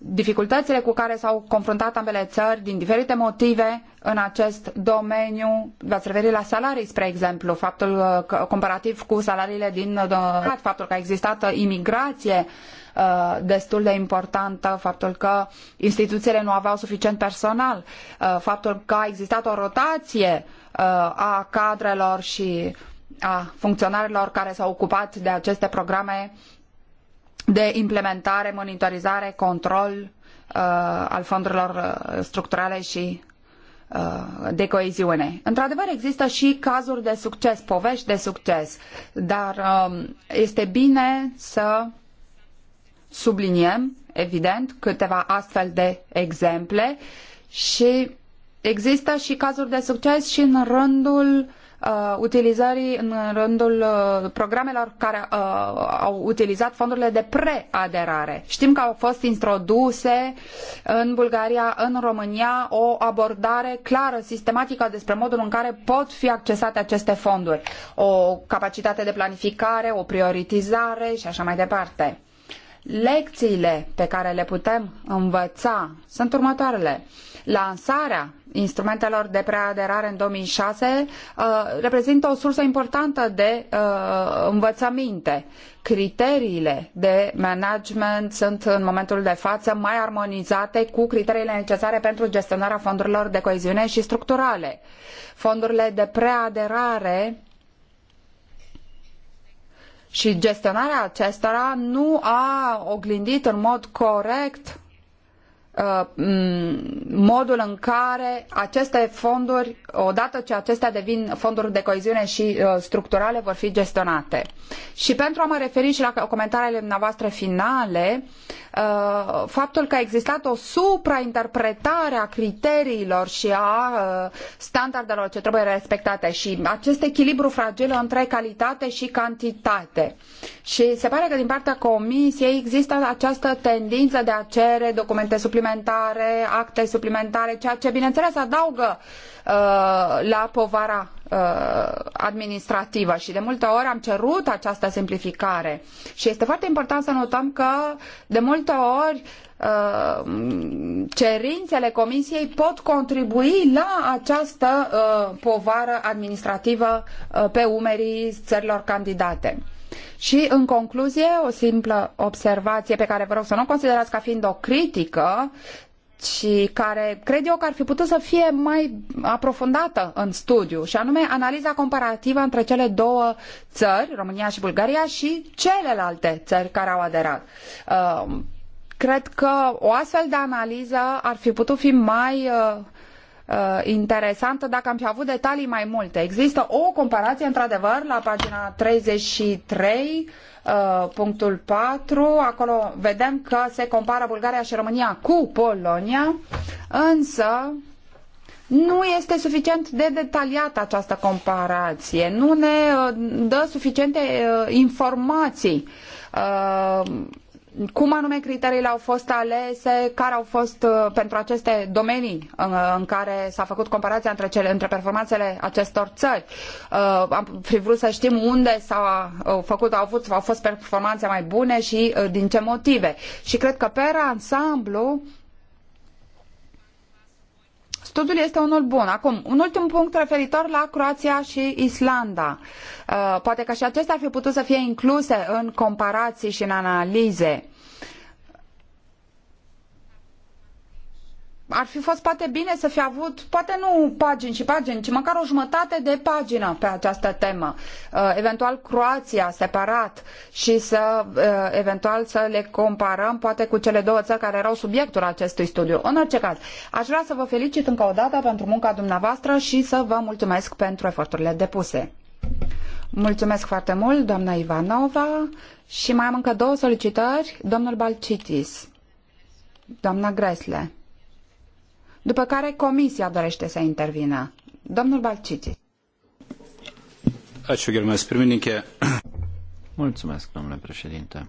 dificultățile cu care s-au confruntat ambele țări din diferite motive în acest domeniu. V-ați referit la salarii, spre exemplu, faptul uh, că, comparativ cu salariile din uh, faptul că a existat uh, imigrație destul de importantă, faptul că instituțiile nu aveau suficient personal, faptul că a existat o rotație a cadrelor și a funcționarilor care s-au ocupat de aceste programe de implementare, monitorizare, control uh, al fondurilor uh, structurale și uh, de coeziune. Într-adevăr, există și cazuri de succes, povești de succes, dar um, este bine să subliniem, evident, câteva astfel de exemple și există și cazuri de succes și în rândul uh, utilizării în rândul uh, programelor care uh, au utilizat fondurile de preaderare. Știm că au fost introduse în Bulgaria, în România, o abordare clară, sistematică despre modul în care pot fi accesate aceste fonduri. O capacitate de planificare, o prioritizare și așa mai departe lecțiile pe care le putem învăța sunt următoarele. Lansarea instrumentelor de preaderare în 2006 uh, reprezintă o sursă importantă de uh, învățăminte. Criteriile de management sunt în momentul de față mai armonizate cu criteriile necesare pentru gestionarea fondurilor de coeziune și structurale. Fondurile de preaderare și gestionarea acestora nu a oglindit în mod corect Uh, modul în care aceste fonduri, odată ce acestea devin fonduri de coeziune și uh, structurale, vor fi gestionate. Și pentru a mă referi și la comentariile dumneavoastră finale, Uh, faptul că a existat o suprainterpretare a criteriilor și a uh, standardelor ce trebuie respectate și acest echilibru fragil între calitate și cantitate. Și se pare că din partea Comisiei există această tendință de a cere documente suplimentare, acte suplimentare, ceea ce bineînțeles adaugă uh, la povara Uh, administrativă și de multe ori am cerut această simplificare și este foarte important să notăm că de multe ori uh, cerințele comisiei pot contribui la această uh, povară administrativă pe umerii țărilor candidate. Și, în concluzie, o simplă observație pe care vă rog să nu o considerați ca fiind o critică, și care cred eu că ar fi putut să fie mai aprofundată în studiu, și anume analiza comparativă între cele două țări, România și Bulgaria, și celelalte țări care au aderat. Uh, cred că o astfel de analiză ar fi putut fi mai uh, uh, interesantă dacă am fi avut detalii mai multe. Există o comparație, într-adevăr, la pagina 33 Uh, punctul 4. Acolo vedem că se compară Bulgaria și România cu Polonia, însă nu este suficient de detaliată această comparație, nu ne uh, dă suficiente uh, informații cum anume criteriile au fost alese, care au fost uh, pentru aceste domenii uh, în, care s-a făcut comparația între, cele, între performanțele acestor țări. Uh, am fi vrut să știm unde s-a făcut, au, avut, au fost performanțe mai bune și din ce motive. Și cred că pe ansamblu Studiul este unul bun. Acum, un ultim punct referitor la Croația și Islanda. Uh, poate că și acestea ar fi putut să fie incluse în comparații și în analize. ar fi fost poate bine să fi avut, poate nu pagini și pagini, ci măcar o jumătate de pagină pe această temă. Uh, eventual Croația separat și să, uh, eventual să le comparăm poate cu cele două țări care erau subiectul acestui studiu. În orice caz, aș vrea să vă felicit încă o dată pentru munca dumneavoastră și să vă mulțumesc pentru eforturile depuse. Mulțumesc foarte mult, doamna Ivanova, și mai am încă două solicitări, domnul Balcitis, doamna Gresle după care Comisia dorește să intervină. Domnul Balcici. Ačiū, gerbiamas pirmininkė. Mulțumesc, domnule președinte.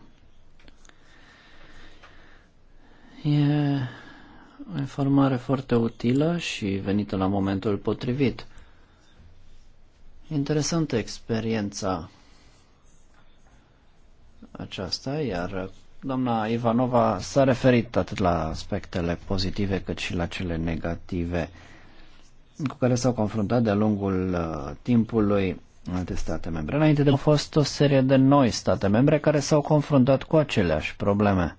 E o informare foarte utilă și venită la momentul potrivit. Interesantă experiența aceasta, iar Doamna Ivanova s-a referit atât la aspectele pozitive cât și la cele negative cu care s-au confruntat de-a lungul uh, timpului alte state membre. Înainte de au fost o serie de noi state membre care s-au confruntat cu aceleași probleme.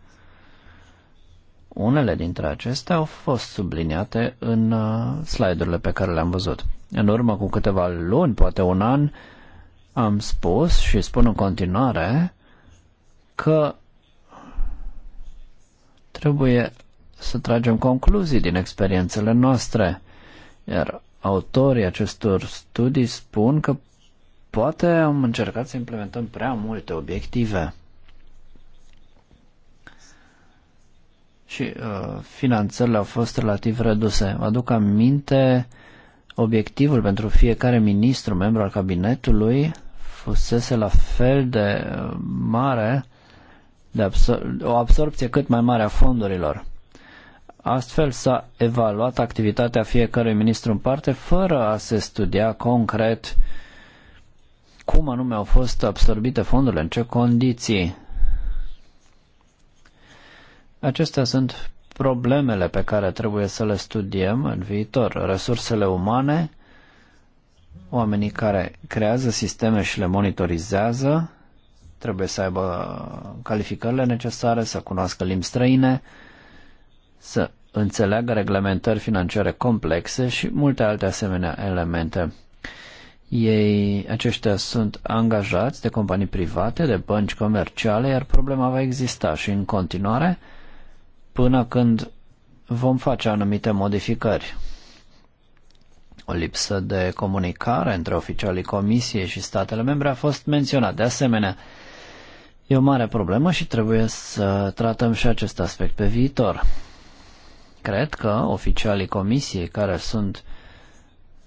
Unele dintre acestea au fost subliniate în uh, slide-urile pe care le-am văzut. În urmă cu câteva luni, poate un an, am spus și spun în continuare că Trebuie să tragem concluzii din experiențele noastre, iar autorii acestor studii spun că poate am încercat să implementăm prea multe obiective. Și uh, finanțările au fost relativ reduse. Mă aduc aminte, obiectivul pentru fiecare ministru, membru al cabinetului, fusese la fel de uh, mare de absor- o absorpție cât mai mare a fondurilor. Astfel s-a evaluat activitatea fiecărui ministru în parte fără a se studia concret cum anume au fost absorbite fondurile, în ce condiții. Acestea sunt problemele pe care trebuie să le studiem în viitor. Resursele umane, oamenii care creează sisteme și le monitorizează, trebuie să aibă calificările necesare, să cunoască limbi străine, să înțeleagă reglementări financiare complexe și multe alte asemenea elemente. Ei, aceștia sunt angajați de companii private, de bănci comerciale, iar problema va exista și în continuare până când vom face anumite modificări. O lipsă de comunicare între oficialii Comisiei și statele membre a fost menționat. De asemenea, E o mare problemă și trebuie să tratăm și acest aspect pe viitor. Cred că oficialii comisiei care sunt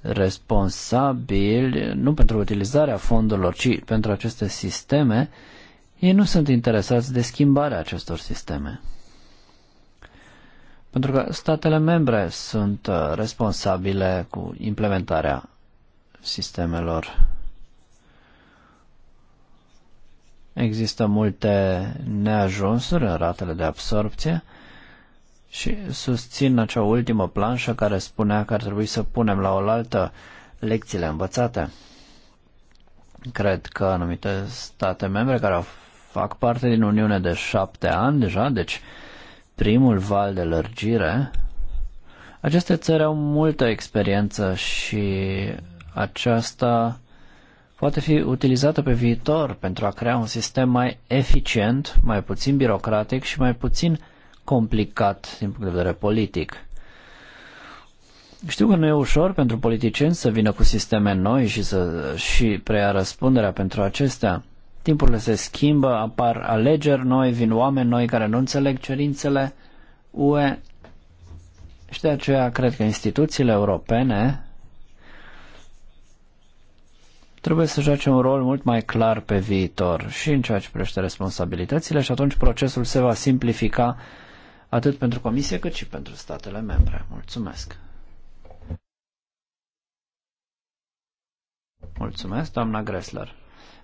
responsabili nu pentru utilizarea fondurilor, ci pentru aceste sisteme, ei nu sunt interesați de schimbarea acestor sisteme. Pentru că statele membre sunt uh, responsabile cu implementarea sistemelor Există multe neajunsuri în ratele de absorpție și susțin acea ultimă planșă care spunea că ar trebui să punem la oaltă lecțiile învățate. Cred că anumite state membre care fac parte din Uniune de șapte ani deja, deci primul val de lărgire, aceste țări au multă experiență și aceasta poate fi utilizată pe viitor pentru a crea un sistem mai eficient, mai puțin birocratic și mai puțin complicat din punct de vedere politic. Știu că nu e ușor pentru politicieni să vină cu sisteme noi și să și preia răspunderea pentru acestea. Timpurile se schimbă, apar alegeri noi, vin oameni noi care nu înțeleg cerințele UE și de aceea cred că instituțiile europene trebuie să joace un rol mult mai clar pe viitor și în ceea ce privește responsabilitățile și atunci procesul se va simplifica atât pentru Comisie cât și pentru statele membre. Mulțumesc! Mulțumesc, doamna Gressler.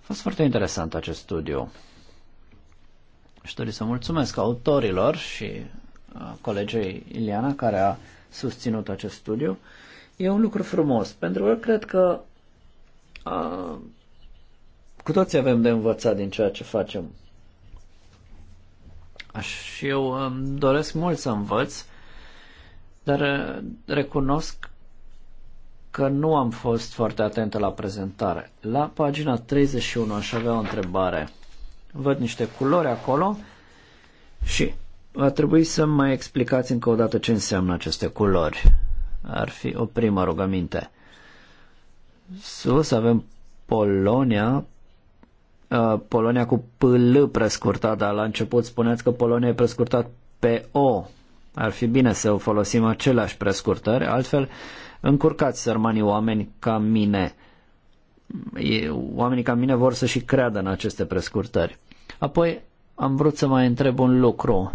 A fost foarte interesant acest studiu. Și dori să mulțumesc autorilor și colegei Iliana care a susținut acest studiu. E un lucru frumos, pentru că cred că cu toți avem de învățat din ceea ce facem. Și eu îmi doresc mult să învăț, dar uh, recunosc că nu am fost foarte atentă la prezentare. La pagina 31 aș avea o întrebare. Văd niște culori acolo și va trebui să mai explicați încă o dată ce înseamnă aceste culori. Ar fi o primă rugăminte sus avem Polonia, uh, Polonia cu PL prescurtat, dar la început spuneați că Polonia e prescurtat PO. Ar fi bine să o folosim aceleași prescurtări, altfel încurcați sărmanii oameni ca mine. Oamenii ca mine vor să și creadă în aceste prescurtări. Apoi am vrut să mai întreb un lucru.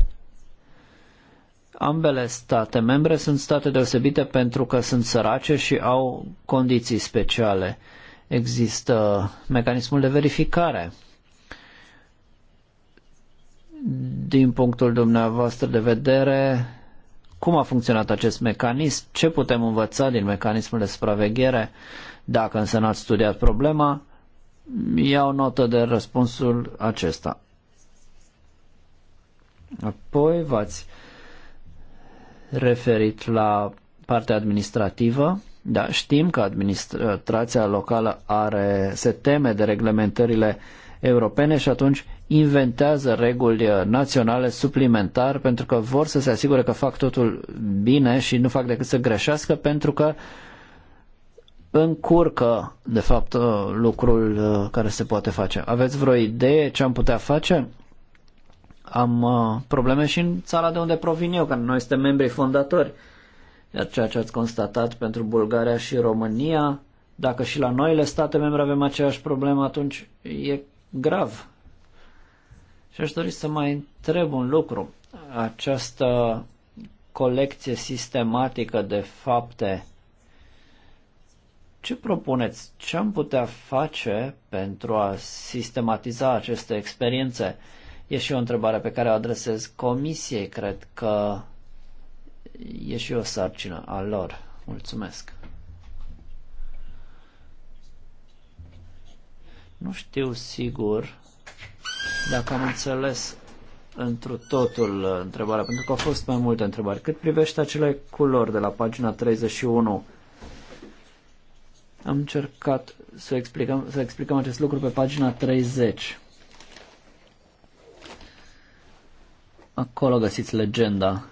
Ambele state membre sunt state deosebite pentru că sunt sărace și au condiții speciale. Există mecanismul de verificare. Din punctul dumneavoastră de vedere, cum a funcționat acest mecanism, ce putem învăța din mecanismul de supraveghere, dacă însă n-ați studiat problema, iau notă de răspunsul acesta. Apoi v-ați uh, referit la partea administrativă. Da, știm că administrația locală are, se teme de reglementările europene și atunci inventează reguli naționale suplimentar pentru că vor să se asigure că fac totul bine și nu fac decât să greșească pentru că încurcă, de fapt, lucrul uh, care se poate face. Aveți vreo idee ce am putea face? Am uh, probleme și în țara de unde provin eu, că noi suntem membrii fondatori. Iar ceea ce ați constatat pentru Bulgaria și România, dacă și la noile state membre avem aceeași problemă, atunci e grav. Și aș dori să mai întreb un lucru. Această colecție sistematică de fapte, ce propuneți? Ce am putea face pentru a sistematiza aceste experiențe? E și o întrebare pe care o adresez comisiei. Cred că e și o sarcină a lor. Mulțumesc. Nu știu sigur dacă am înțeles întru totul uh, întrebarea, pentru că au fost mai multe întrebări. Cât privește acele culori de la pagina 31, am încercat să explicăm, să explicăm acest lucru pe pagina 30. Acolo găsiți legenda.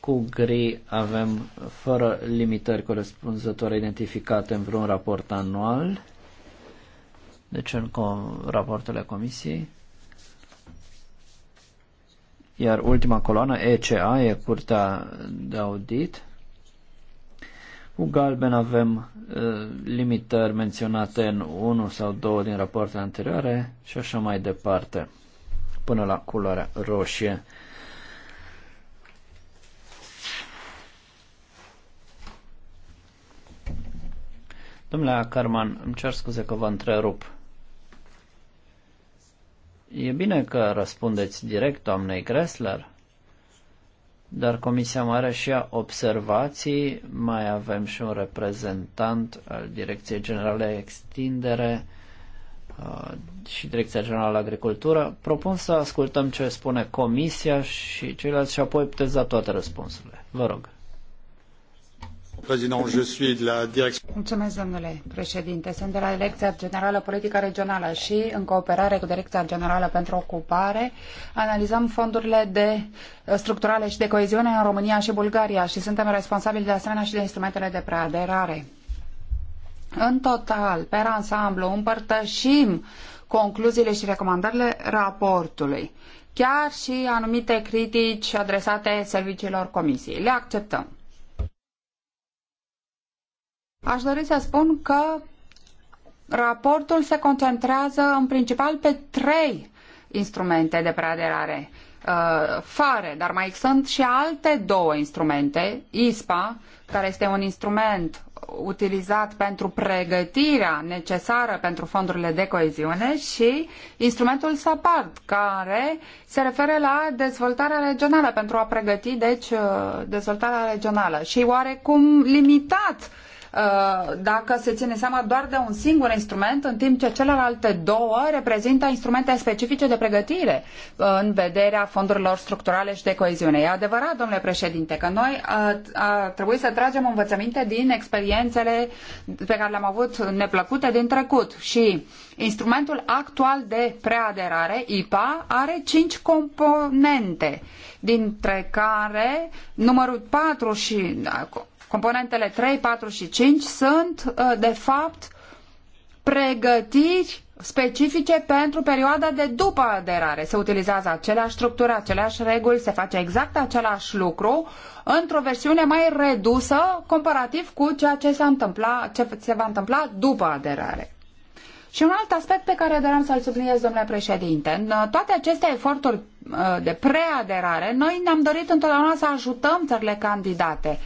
Cu gri avem, fără limitări corespunzătoare identificate în vreun raport anual, deci în com- raportele comisiei. Iar ultima coloană, ECA, e curtea de audit. Cu galben avem uh, limitări menționate în 1 sau 2 din rapoartele anterioare și așa mai departe până la culoarea roșie. Domnule Carman, îmi cer scuze că vă întrerup. E bine că răspundeți direct doamnei Gressler, dar Comisia Mare și a observații, mai avem și un reprezentant al Direcției Generale Extindere, Uh, și Direcția Generală Agricultură. Propun să ascultăm ce spune Comisia și ceilalți și apoi puteți da toate răspunsurile. Vă rog. Mulțumesc, domnule președinte. Sunt de la Direcția Generală Politică Regională și, în cooperare cu Direcția Generală pentru Ocupare, analizăm fondurile de structurale și de coeziune în România și Bulgaria și suntem responsabili de asemenea și de instrumentele de preaderare. În total, pe ansamblu, împărtășim concluziile și recomandările raportului, chiar și anumite critici adresate serviciilor comisiei. Le acceptăm. Aș dori să spun că raportul se concentrează în principal pe trei instrumente de preaderare uh, fare, dar mai sunt și alte două instrumente, ISPA, care este un instrument utilizat pentru pregătirea necesară pentru fondurile de coeziune și instrumentul SAPART, care se referă la dezvoltarea regională, pentru a pregăti, deci, dezvoltarea regională. Și oarecum limitat uh, Uh, dacă se ține seama doar de un singur instrument, în timp ce celelalte două reprezintă instrumente specifice de pregătire uh, în vederea fondurilor structurale și de coeziune. E adevărat, domnule președinte, că noi uh, trebuie să tragem învățăminte din experiențele pe care le-am avut neplăcute din trecut și instrumentul actual de preaderare, IPA, are cinci componente, dintre care numărul patru și componentele 3, 4 și 5 sunt, uh, de fapt, pregătiri specifice pentru perioada de după aderare. Se utilizează aceleași structură, aceleași reguli, se face exact același lucru într-o versiune mai redusă comparativ cu ceea ce, se întâmpla, ce se va întâmpla după aderare. Și un alt aspect pe care doream să-l subliniez, domnule președinte, în uh, toate aceste eforturi uh, de preaderare, noi ne-am dorit întotdeauna să ajutăm țările candidate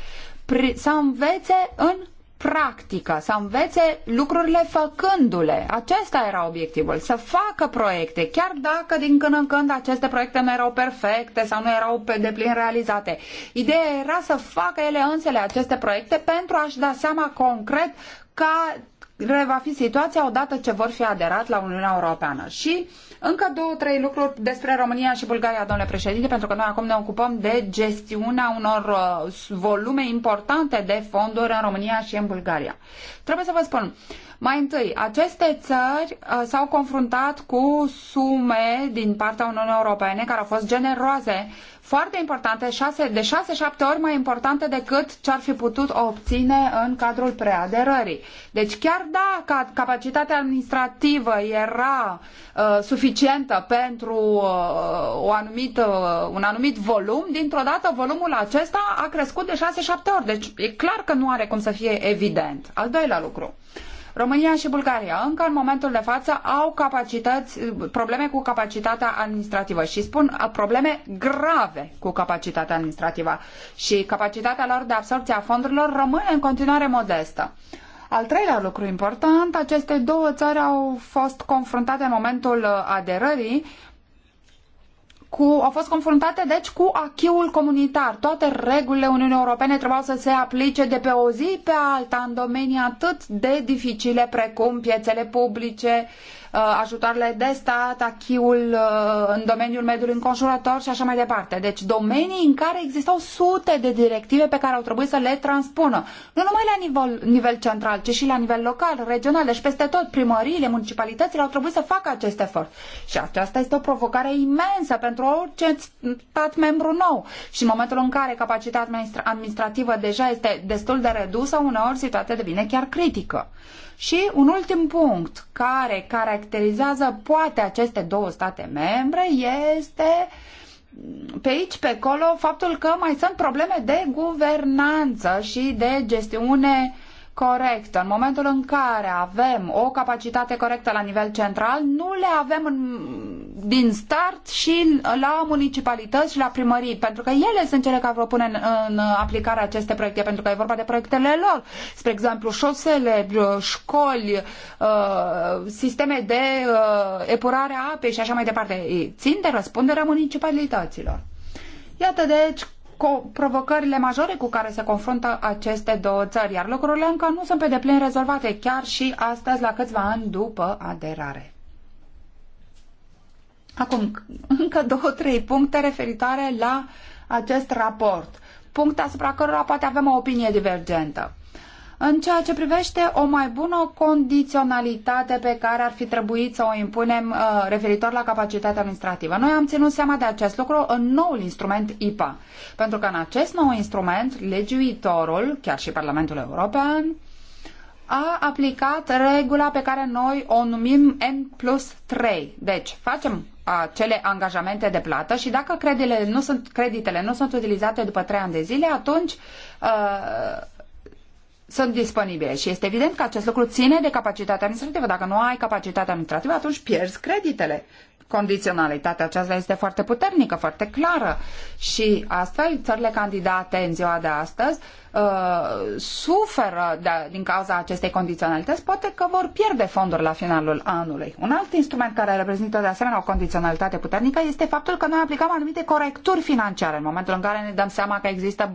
să învețe în practică, să învețe lucrurile făcându-le. Acesta era obiectivul, să facă proiecte, chiar dacă din când în când aceste proiecte nu erau perfecte sau nu erau pe deplin realizate. Ideea era să facă ele însele aceste proiecte pentru a-și da seama concret ca, care va fi situația odată ce vor fi aderat la Uniunea Europeană. Și încă două, trei lucruri despre România și Bulgaria, domnule președinte, pentru că noi acum ne ocupăm de gestiunea unor uh, volume importante de fonduri în România și în Bulgaria. Trebuie să vă spun, mai întâi, aceste țări uh, s-au confruntat cu sume din partea Uniunii Europene care au fost generoase foarte importante, șase, de 6-7 ori mai importante decât ce ar fi putut obține în cadrul preaderării. Deci chiar dacă capacitatea administrativă era uh, suficientă pentru uh, o uh, un anumit volum, dintr-o dată volumul acesta a crescut de 6-7 ori. Deci e clar că nu are cum să fie evident. Al doilea lucru. Uh, România și Bulgaria încă în momentul de față au capacități, probleme cu capacitatea administrativă și spun uh, probleme grave cu capacitatea administrativă și capacitatea lor de absorbție a fondurilor rămâne în continuare modestă. Al treilea lucru important, aceste două țări au fost confruntate în momentul uh, aderării cu, au fost confruntate deci cu achiul comunitar. Toate regulile Uniunii Europene trebuiau să se aplice de pe o zi pe alta în domenii atât de dificile precum piețele publice, uh, Uh, ajutoarele de stat, achiul uh, în domeniul mediului înconjurător și așa mai departe. Deci domenii în care existau sute de directive pe care au trebuit să le transpună. Nu numai la nivel, nivel central, ci și la nivel local, regional, deci peste tot primăriile, municipalitățile au trebuit să facă acest efort. Și aceasta este o provocare imensă pentru orice stat membru nou. Și în momentul în care capacitatea administra administrativă deja este destul de redusă, uneori situația devine chiar critică. Și un ultim punct care, care caracterizează poate aceste două state membre este pe aici, pe acolo, faptul că mai sunt probleme de guvernanță și de gestiune corectă. În momentul în care avem o capacitate corectă la nivel central, nu le avem în, din start și la municipalități și la primării, pentru că ele sunt cele care vor pune în, în aplicare aceste proiecte, pentru că e vorba de proiectele lor. Spre exemplu, șosele, școli, uh, sisteme de uh, epurare a apei și așa mai departe. Țin de răspunderea municipalităților. Iată deci provocările majore cu care se confruntă aceste două țări, iar lucrurile încă nu sunt pe deplin rezolvate, chiar și astăzi, la câțiva ani după aderare. Acum, încă două, trei puncte referitoare la acest raport, puncte asupra cărora poate avem o opinie divergentă în ceea ce privește o mai bună condiționalitate pe care ar fi trebuit să o impunem uh, referitor la capacitatea administrativă. Noi am ținut seama de acest lucru în noul instrument IPA, pentru că în acest nou instrument, legiuitorul, chiar și Parlamentul European, a aplicat regula pe care noi o numim N plus 3. Deci, facem acele angajamente de plată și dacă creditele nu sunt, creditele nu sunt utilizate după 3 ani de zile, atunci uh, sunt disponibile și este evident că acest lucru ține de capacitatea administrativă. Dacă nu ai capacitatea administrativă, atunci pierzi creditele. Condiționalitatea aceasta este foarte puternică, foarte clară și astfel țările candidate în ziua de astăzi Uh, suferă de, din cauza acestei condiționalități, poate că vor pierde fonduri la finalul anului. Un alt instrument care reprezintă de asemenea o condiționalitate puternică este faptul că noi aplicăm anumite corecturi financiare în momentul în care ne dăm seama că există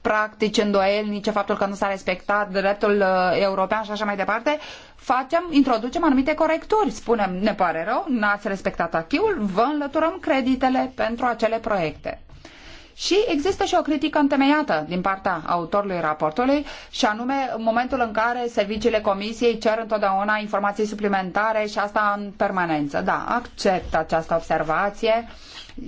practici îndoielnice, faptul că nu s-a respectat dreptul uh, european și așa mai departe, facem, introducem anumite corecturi. Spunem, ne pare rău, n-ați respectat achiul, vă înlăturăm creditele pentru acele proiecte. Și există și o critică întemeiată din partea autorului raportului și anume momentul în care serviciile comisiei cer întotdeauna informații suplimentare și asta în permanență. Da, accept această observație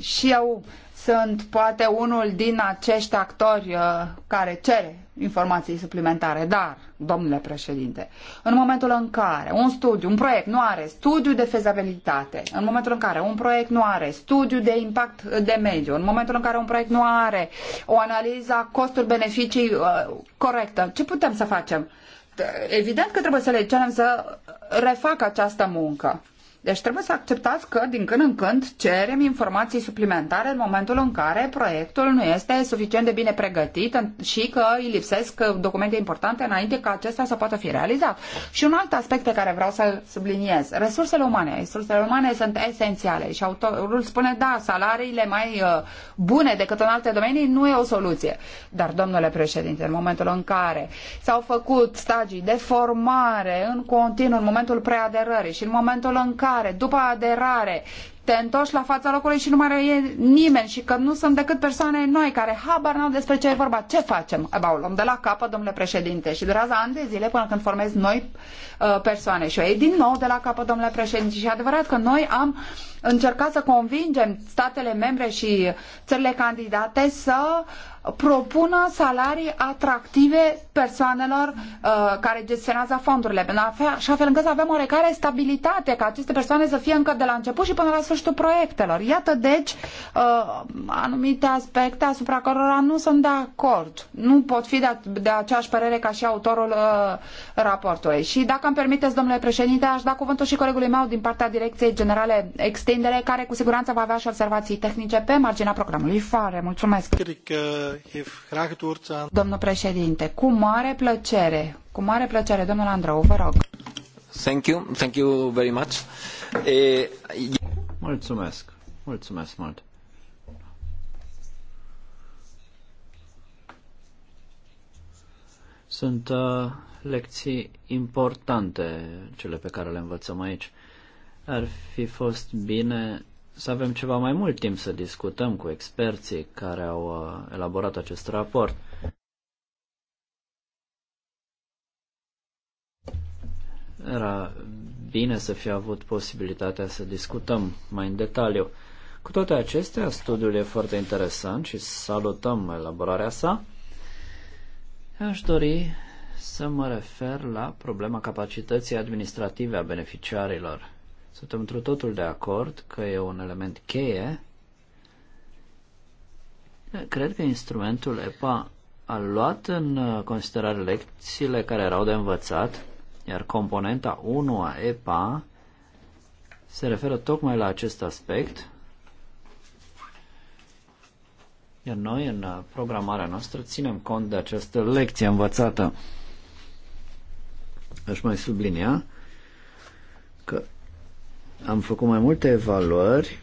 și eu sunt poate unul din acești actori uh, care cere informații suplimentare, dar, domnule președinte, în momentul în care un studiu, un proiect nu are studiu de fezabilitate, în momentul în care un proiect nu are studiu de impact de mediu, în momentul în care un proiect nu are o analiză a costuri-beneficii uh, corectă, ce putem să facem? Evident că trebuie să le cerem să refacă această muncă. Deci trebuie să acceptați că din când în când cerem informații suplimentare în momentul în care proiectul nu este suficient de bine pregătit și că îi lipsesc documente importante înainte ca acesta să poată fi realizat. Și un alt aspect pe care vreau să-l subliniez. Resursele umane. Resursele umane sunt esențiale și autorul spune da, salariile mai uh, bune decât în alte domenii nu e o soluție. Dar, domnule președinte, în momentul în care s-au făcut stagii de formare în continuu, în momentul preaderării și în momentul în care plecare, după aderare, te întorci la fața locului și nu mai e nimeni și că nu sunt decât persoane noi care habar n-au despre ce e vorba. Ce facem? Ba, o luăm de la capăt, domnule președinte, și durează ani de zile până când formez noi uh, persoane. Și o iei din nou de la capăt, domnule președinte. Și e adevărat că noi am încercat să convingem statele membre și țările candidate să uh, propună salarii atractive persoanelor uh, care gestionează fondurile, în așa fel încât să avem oarecare stabilitate, ca aceste persoane să fie încă de la început și până la sfârșitul proiectelor. Iată, deci, uh, anumite aspecte asupra cărora nu sunt de acord. Nu pot fi de, de aceeași părere ca și autorul uh, raportului. Și dacă îmi permiteți, domnule președinte, aș da cuvântul și colegului meu din partea Direcției Generale Extindere, care cu siguranță va avea și observații tehnice pe marginea programului FARE. Mulțumesc! Cred că geef Domnul președinte, cu mare plăcere, cu mare plăcere, domnul Andrău, vă rog. Thank you, thank you very much. E... Mulțumesc, mulțumesc mult. Sunt uh, lecții importante cele pe care le învățăm aici. Ar fi fost bine să avem ceva mai mult timp să discutăm cu experții care au uh, elaborat acest raport. Era bine să fi avut posibilitatea să discutăm mai în detaliu. Cu toate acestea, studiul e foarte interesant și salutăm elaborarea sa. Aș dori să mă refer la problema capacității administrative a beneficiarilor. Suntem într totul de acord că e un element cheie. Cred că instrumentul EPA a luat în considerare lecțiile care erau de învățat, iar componenta 1 a EPA se referă tocmai la acest aspect. Iar noi, în programarea noastră, ținem cont de această lecție învățată. Aș mai sublinia că am făcut mai multe evaluări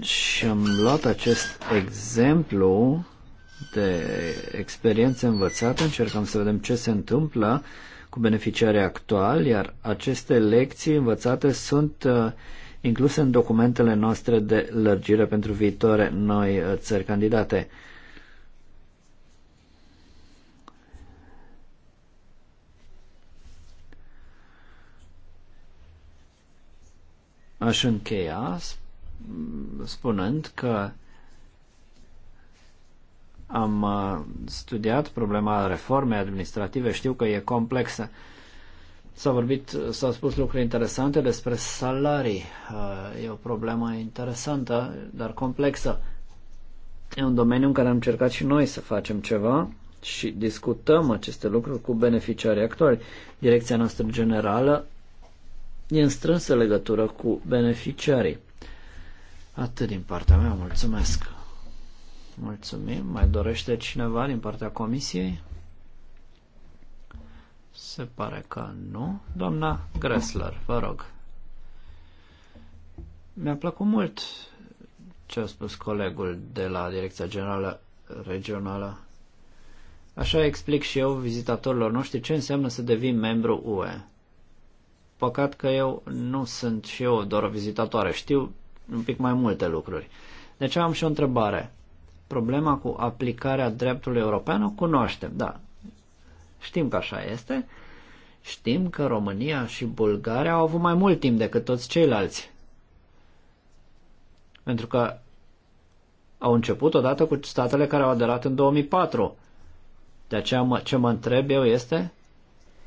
și am luat acest exemplu de experiență învățată. încercăm să vedem ce se întâmplă cu beneficiarii actuali, iar aceste lecții învățate sunt uh, incluse în documentele noastre de lărgire pentru viitoare noi uh, țări candidate. Aș încheia spunând că am uh, studiat problema reformei administrative, știu că e complexă. S-a vorbit, s-au spus lucruri interesante despre salarii. Uh, e o problemă interesantă, dar complexă. E un domeniu în care am încercat și noi să facem ceva și discutăm aceste lucruri cu beneficiarii actuali. Direcția noastră generală e în strânsă legătură cu beneficiarii. Atât din partea mea, mulțumesc. Mulțumim. Mai dorește cineva din partea comisiei? Se pare că nu. Doamna Gressler, vă rog. Mi-a plăcut mult ce a spus colegul de la Direcția Generală Regională. Așa explic și eu vizitatorilor noștri ce înseamnă să devii membru UE. Păcat că eu nu sunt și eu doar vizitatoare, știu un pic mai multe lucruri. Deci am și o întrebare. Problema cu aplicarea dreptului european o cunoaștem, da. Știm că așa este. Știm că România și Bulgaria au avut mai mult timp decât toți ceilalți. Pentru că au început odată cu statele care au aderat în 2004. De aceea mă, ce mă întreb eu este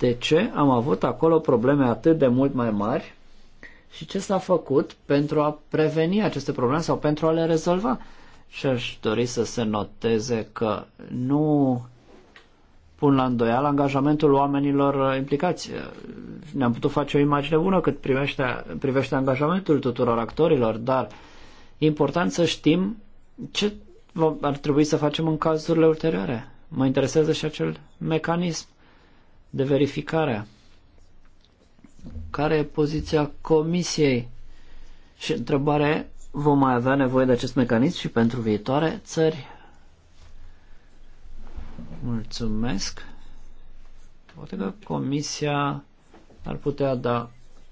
de ce am avut acolo probleme atât de mult mai mari și ce s-a făcut pentru a preveni aceste probleme sau pentru a le rezolva. Și aș dori să se noteze că nu pun la îndoială angajamentul oamenilor uh, implicați. Ne-am putut face o imagine bună cât privește, privește angajamentul tuturor actorilor, dar e important să știm ce ar trebui să facem în cazurile ulterioare. Mă interesează și acel mecanism de verificare. Care e poziția comisiei? Și întrebare, vom mai avea nevoie de acest mecanism și pentru viitoare țări? Mulțumesc. Poate că comisia ar putea da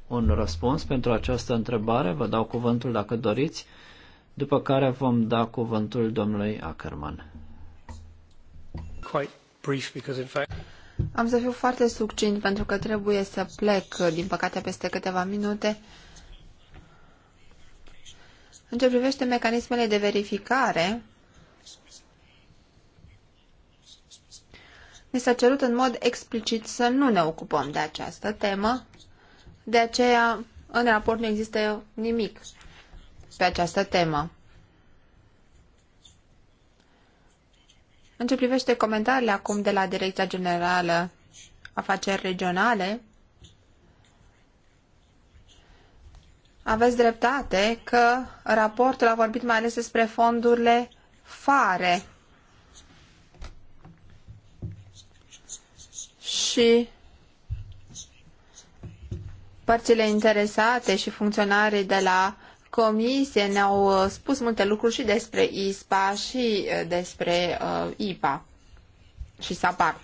un răspuns pentru această întrebare. Vă dau cuvântul dacă doriți, după care vom da cuvântul domnului Ackerman. Quite brief because in fact... Am să fiu foarte succint pentru că trebuie să plec, din păcate, peste câteva minute. În ce privește mecanismele de verificare, Ne s-a cerut în mod explicit să nu ne ocupăm de această temă, de aceea în raport nu există nimic pe această temă. În ce privește comentariile acum de la Direcția Generală Afaceri Regionale, aveți dreptate că raportul a vorbit mai ales despre fondurile fare și părțile interesate și funcționarii de la comisie ne-au uh, spus multe lucruri și despre ISPA și uh, despre uh, IPA și SAPAR.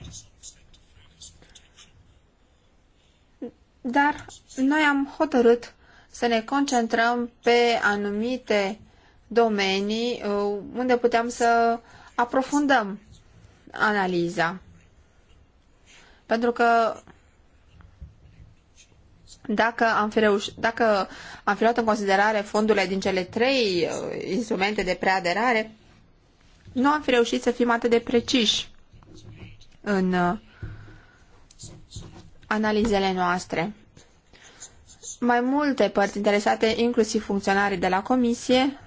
Dar noi am hotărât să ne concentrăm pe anumite domenii uh, unde putem să aprofundăm analiza. Pentru că dacă am fi, reuș- dacă am fi luat în considerare fondurile din cele trei uh, instrumente de preaderare, nu am fi reușit să fim atât de preciși în uh, analizele noastre. Mai multe părți interesate, inclusiv funcționarii de la comisie,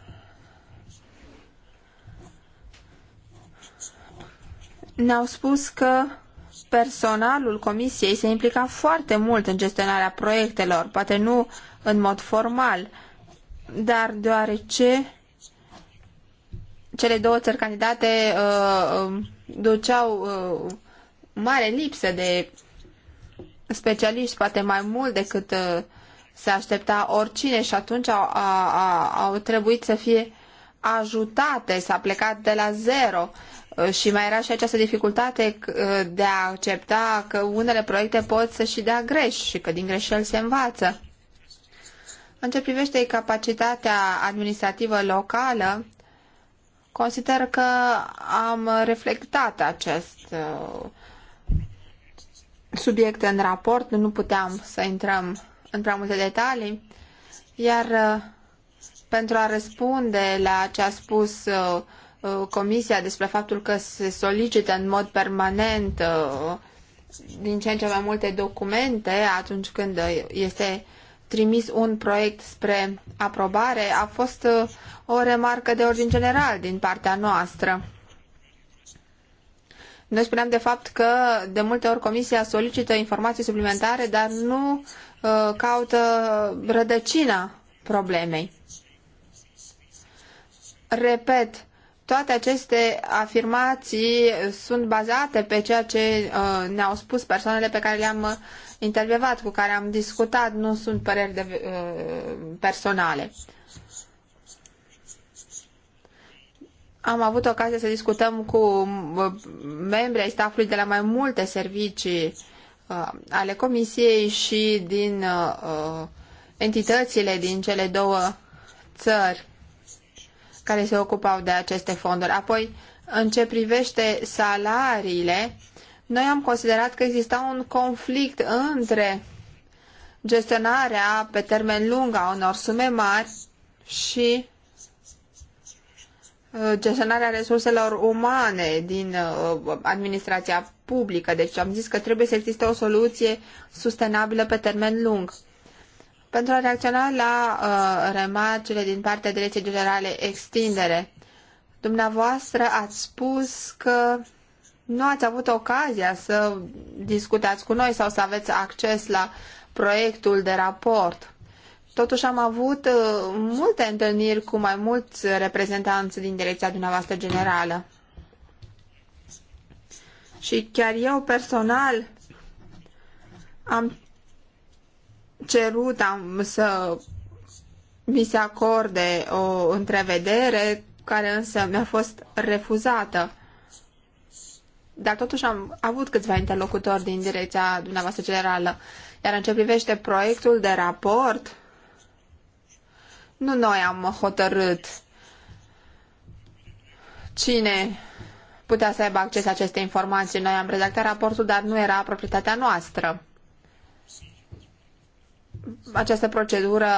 ne-au spus că personalul comisiei se implica foarte mult în gestionarea proiectelor, poate nu în mod formal, dar deoarece cele două țări candidate uh, um, duceau uh, mare lipsă de specialiști, poate mai mult decât uh, se aștepta oricine și atunci au, a, au trebuit să fie ajutate, s-a plecat de la zero și mai era și această dificultate uh, de a accepta că unele proiecte pot să și dea greș și că din greșeli se învață. În ce privește capacitatea administrativă locală, consider că am reflectat acest uh, subiect în raport, nu puteam să intrăm în prea multe detalii, iar uh, pentru a răspunde la ce a spus Uh, comisia despre faptul că se solicită în mod permanent uh, din ce în ce mai multe documente atunci când este trimis un proiect spre aprobare a fost uh, o remarcă de ordin general din partea noastră. Noi spuneam de fapt că de multe ori Comisia solicită informații suplimentare, dar nu uh, caută rădăcina problemei. Repet, toate aceste afirmații sunt bazate pe ceea ce uh, ne-au spus persoanele pe care le-am uh, intervievat, cu care am discutat, nu sunt păreri de, uh, personale. Am avut ocazia să discutăm cu uh, membrii ai staffului de la mai multe servicii uh, ale comisiei și din uh, uh entitățile din cele două țări care se ocupau de aceste fonduri. Apoi, în ce privește salariile, noi am considerat că exista un conflict între gestionarea pe termen lung a unor sume mari și uh, gestionarea resurselor umane din uh, administrația publică. Deci am zis că trebuie să existe o soluție sustenabilă pe termen lung. Pentru a reacționa la uh, remarcile din partea Direcției Generale Extindere, dumneavoastră ați spus că nu ați avut ocazia să discutați cu noi sau să aveți acces la proiectul de raport. Totuși am avut uh, multe întâlniri cu mai mulți reprezentanți din direcția dumneavoastră generală. Și chiar eu personal am cerut am, să mi se acorde o întrevedere care însă mi-a fost refuzată. Dar totuși am avut câțiva interlocutori din direcția dumneavoastră generală. Iar în ce privește proiectul de raport, nu noi am hotărât cine putea să aibă acces la aceste informații. Noi am redactat raportul, dar nu era proprietatea noastră această procedură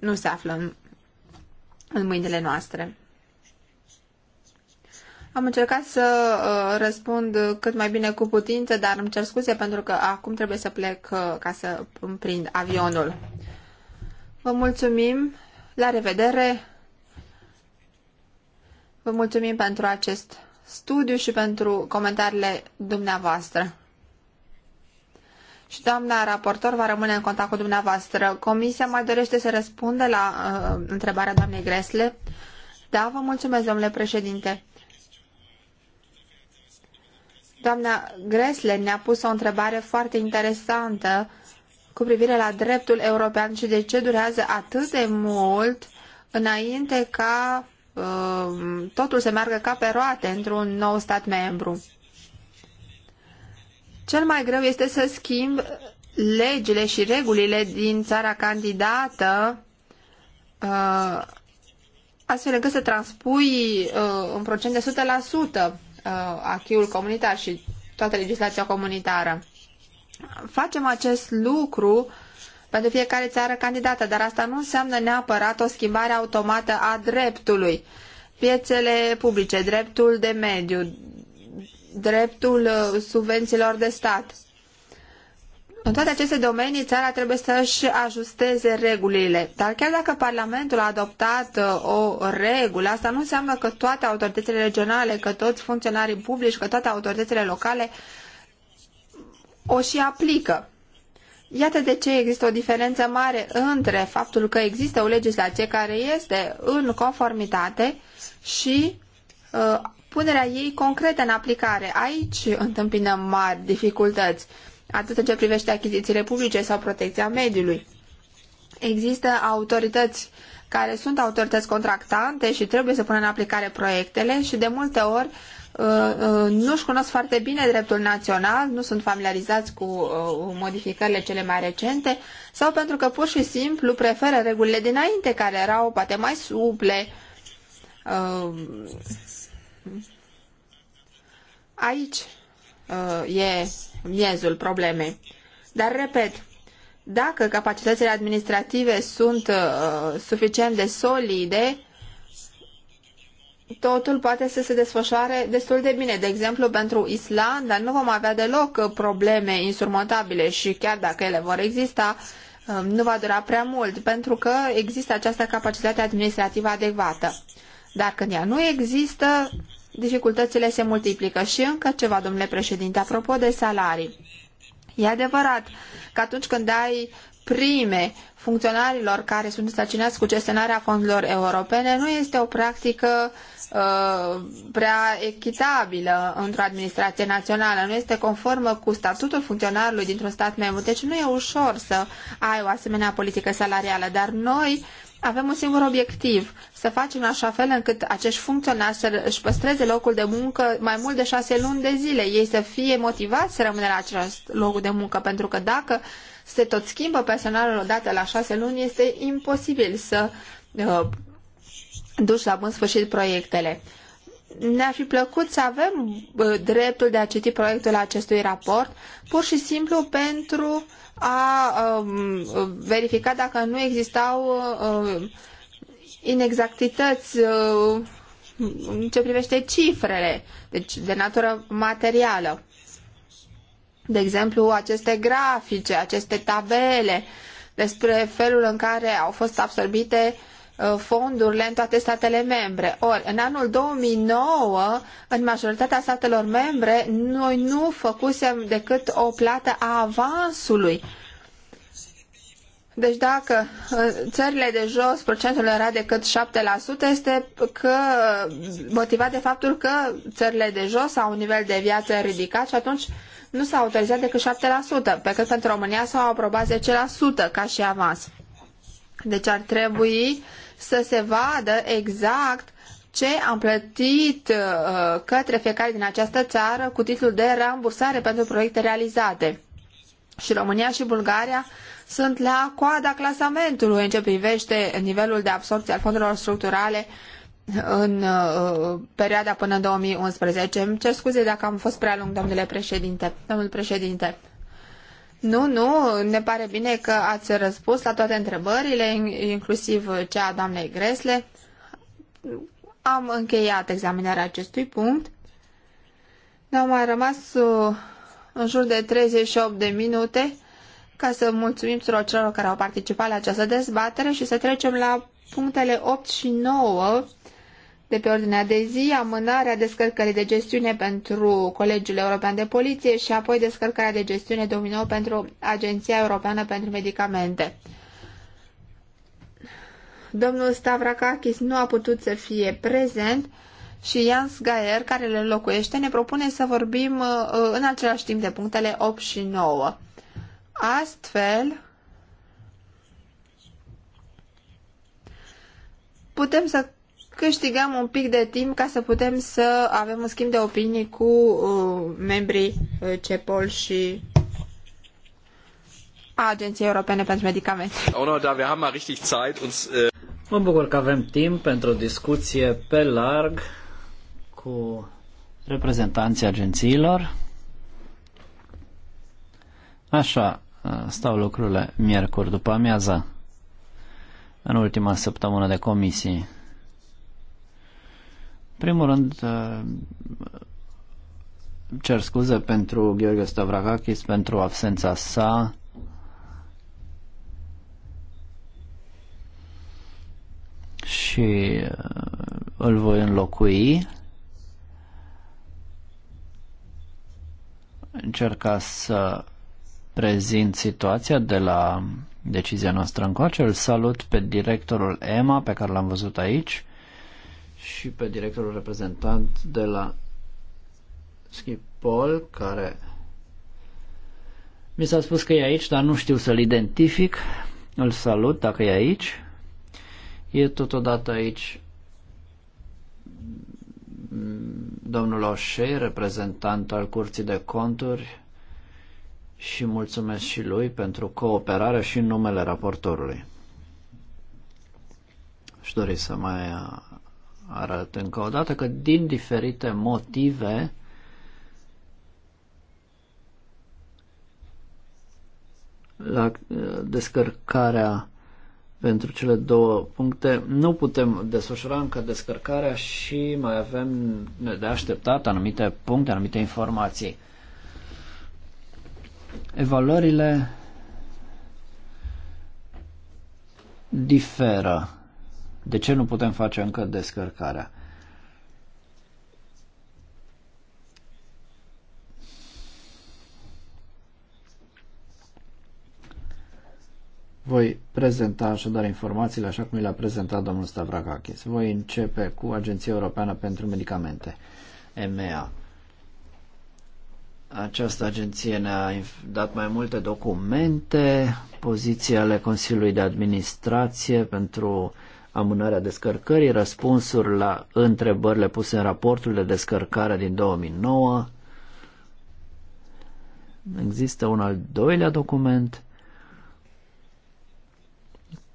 nu se află în, în mâinile noastre. Am încercat să uh, răspund cât mai bine cu putință, dar îmi cer scuze pentru că acum trebuie să plec uh, ca să îmi prind avionul. Vă mulțumim, la revedere! Vă mulțumim pentru acest studiu și pentru comentariile dumneavoastră și doamna raportor va rămâne în contact cu dumneavoastră. Comisia mai dorește să răspundă la uh, întrebarea doamnei Gresle? Da, vă mulțumesc, domnule președinte. Doamna Gresle ne-a pus o întrebare foarte interesantă cu privire la dreptul european și de ce durează atât de mult înainte ca uh, totul să meargă ca pe roate într-un nou stat membru. Cel mai greu este să schimb legile și regulile din țara candidată uh, astfel încât să transpui uh, un procent de 100% uh, achiul comunitar și toată legislația comunitară. Facem acest lucru pentru fiecare țară candidată, dar asta nu înseamnă neapărat o schimbare automată a dreptului. Piețele publice, dreptul de mediu, dreptul uh, subvențiilor de stat. În toate aceste domenii, țara trebuie să-și ajusteze regulile. Dar chiar dacă Parlamentul a adoptat uh, o regulă, asta nu înseamnă că toate autoritățile regionale, că toți funcționarii publici, că toate autoritățile locale o și aplică. Iată de ce există o diferență mare între faptul că există o legislație care este în conformitate și uh, punerea ei concretă în aplicare. Aici întâmpinăm mari dificultăți, atât în ce privește achizițiile publice sau protecția mediului. Există autorități care sunt autorități contractante și trebuie să pună în aplicare proiectele și de multe ori uh, uh, nu-și cunosc foarte bine dreptul național, nu sunt familiarizați cu uh, modificările cele mai recente sau pentru că pur și simplu preferă regulile dinainte care erau poate mai suple Aici uh, e miezul problemei. Dar, repet, dacă capacitățile administrative sunt uh, suficient de solide, totul poate să se desfășoare destul de bine. De exemplu, pentru Islanda nu vom avea deloc uh, probleme insurmontabile și chiar dacă ele vor exista, um, nu va dura prea mult, pentru că există această capacitate administrativă adecvată. Dar când ea nu există, dificultățile se multiplică. Și încă ceva, domnule președinte, apropo de salarii. E adevărat că atunci când ai prime funcționarilor care sunt stacinați cu gestionarea fondurilor europene, nu este o practică uh, prea echitabilă într-o administrație națională, nu este conformă cu statutul funcționarului dintr-un stat membru, deci nu e ușor să ai o asemenea politică salarială, dar noi avem un singur obiectiv, să facem în așa fel încât acești funcționari să își păstreze locul de muncă mai mult de șase luni de zile, ei să fie motivați să rămână la acest loc de muncă, pentru că dacă se tot schimbă personalul odată la șase luni, este imposibil să uh, duci la bun sfârșit proiectele. Ne-ar fi plăcut să avem uh, dreptul de a citi proiectul acestui raport, pur și simplu pentru a um, verifica dacă nu existau um, inexactități um, în ce privește cifrele, deci de natură materială. De exemplu, aceste grafice, aceste tabele despre felul în care au fost absorbite Uh, fondurile în toate statele membre. Ori, în anul 2009, în majoritatea statelor membre, noi nu făcusem decât o plată a avansului. Deci dacă în uh, țările de jos procentul era decât 7%, este că motivat de faptul că țările de jos au un nivel de viață ridicat și atunci nu s-a autorizat decât 7%, pe cât pentru România s-au aprobat 10% ca și avans. Deci ar trebui să se vadă exact ce am plătit uh, către fiecare din această țară cu titlul de rambursare pentru proiecte realizate. Și România și Bulgaria sunt la coada clasamentului în ce privește nivelul de absorpție al fondurilor structurale în uh, perioada până în 2011. Îmi cer scuze dacă am fost prea lung, domnule președinte. Domnul președinte. Nu, nu, ne pare bine că ați răspuns la toate întrebările, inclusiv cea a doamnei Gresle. Am încheiat examinarea acestui punct. Ne-au mai rămas uh, în jur de 38 de minute ca să mulțumim tuturor celor care au participat la această dezbatere și să trecem la punctele 8 și 9 de pe ordinea de zi, amânarea descărcării de gestiune pentru Colegiul European de Poliție și apoi descărcarea de gestiune 2009 pentru Agenția Europeană pentru Medicamente. Domnul Stavrakakis nu a putut să fie prezent și Jans Gaer, care le locuiește, ne propune să vorbim uh, uh, în același timp de punctele 8 și 9. Astfel, putem să câștigăm un pic de timp ca să putem să avem un schimb de opinii cu uh, membrii uh, CEPOL și a Agenției Europene pentru Medicamente. Oh, no, da, wir haben mal richtig Zeit. Uns, uh... Mă bucur că avem timp pentru o discuție pe larg cu reprezentanții agențiilor. Așa uh, stau lucrurile miercuri după amiaza, în ultima săptămână de comisii primul rând, uh, cer scuze pentru Gheorghe Stavrakakis, pentru absența sa. Și uh, îl voi înlocui. Încerca să prezint situația de la decizia noastră încoace. Îl salut pe directorul EMA, pe care l-am văzut aici și pe directorul reprezentant de la Schiphol, care mi s-a spus că e aici, dar nu știu să-l identific. Îl salut dacă e aici. E totodată aici domnul Oșei, reprezentant al Curții de Conturi și mulțumesc și lui pentru cooperare și numele raportorului. Și dori să mai arăt încă o dată că din diferite motive la uh, descărcarea pentru cele două puncte nu putem desfășura încă descărcarea și mai avem de așteptat anumite puncte, anumite informații. Evaluările diferă de ce nu putem face încă descărcarea? Voi prezenta așadar informațiile așa cum le-a prezentat domnul Stavragakis. Voi începe cu Agenția Europeană pentru Medicamente, EMEA. Această agenție ne-a dat mai multe documente, pozițiile ale Consiliului de Administrație pentru amânarea descărcării, răspunsuri la întrebările puse în raportul de descărcare din 2009. Există un al doilea document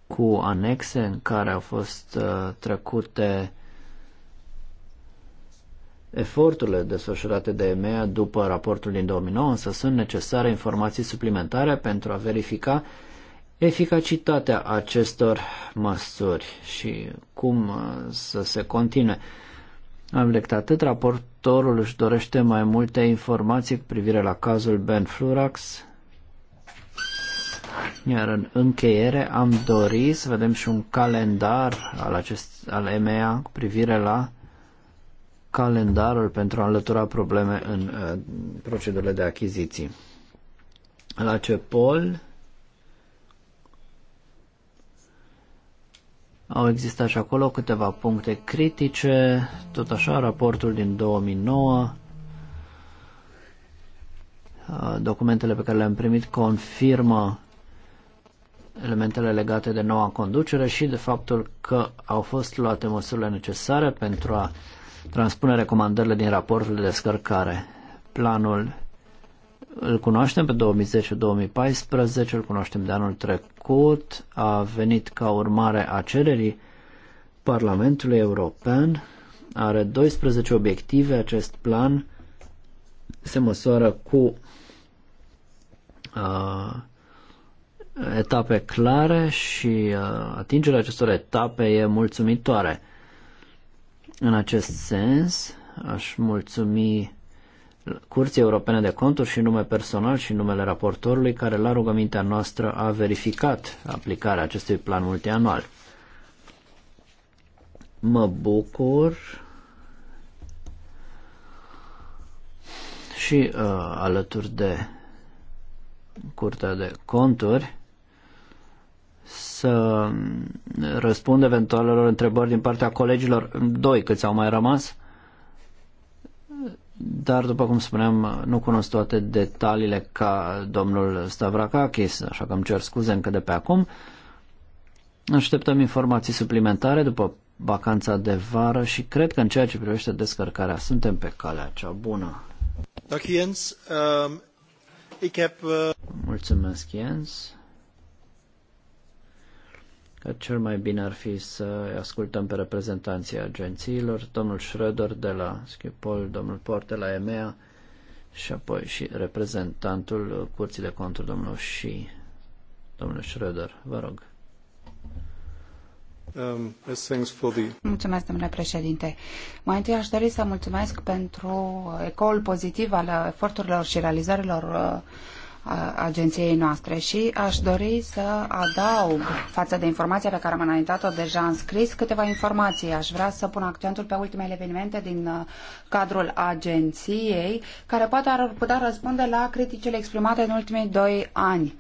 cu anexe în care au fost uh, trecute Eforturile desfășurate de EMEA după raportul din 2009 însă sunt necesare informații suplimentare pentru a verifica eficacitatea acestor măsuri și cum uh, să se continue. Am lect atât, raportorul își dorește mai multe informații cu privire la cazul Ben Flurax, iar în încheiere am dorit să vedem și un calendar al, acest, al EMEA cu privire la calendarul pentru a înlătura probleme în uh, procedurile de achiziții. La pol? Au existat și acolo câteva puncte critice, tot așa raportul din 2009, uh, documentele pe care le-am primit confirmă elementele legate de noua conducere și de faptul că au fost luate măsurile necesare pentru a transpune recomandările din raportul de descărcare. Planul îl cunoaștem pe 2010-2014, îl cunoaștem de anul trecut, a venit ca urmare a cererii Parlamentului European, are 12 obiective acest plan, se măsoară cu uh, etape clare și uh, atingerea acestor etape e mulțumitoare. În acest sens, aș mulțumi Curții Europene de Conturi și nume personal și numele raportorului care la rugămintea noastră a verificat aplicarea acestui plan multianual. Mă bucur și uh, alături de Curtea de Conturi să mm, răspund eventualelor întrebări din partea colegilor, doi câți au mai rămas, uh, dar după cum spuneam, nu cunosc toate detaliile ca domnul Stavrakakis, așa că îmi cer scuze încă de pe acum. Așteptăm informații suplimentare după vacanța de vară și cred că în ceea ce privește descărcarea suntem pe calea cea bună. Ehm, eh, Mulțumesc, Jens cel mai bine ar fi să ascultăm pe reprezentanții agențiilor, domnul Schröder de la Schiphol, domnul Porte la EMEA și apoi și reprezentantul Curții de Conturi, domnul și domnul Schröder. Vă rog. Um, mulțumesc, domnule președinte. Mai întâi aș dori să mulțumesc pentru ecoul pozitiv al eforturilor și realizărilor uh, agenției noastre și aș dori să adaug față de informația pe care am înaintat-o deja în scris câteva informații. Aș vrea să pun accentul pe ultimele evenimente din uh, cadrul agenției care poate ar putea răspunde la criticile exprimate în ultimii doi ani.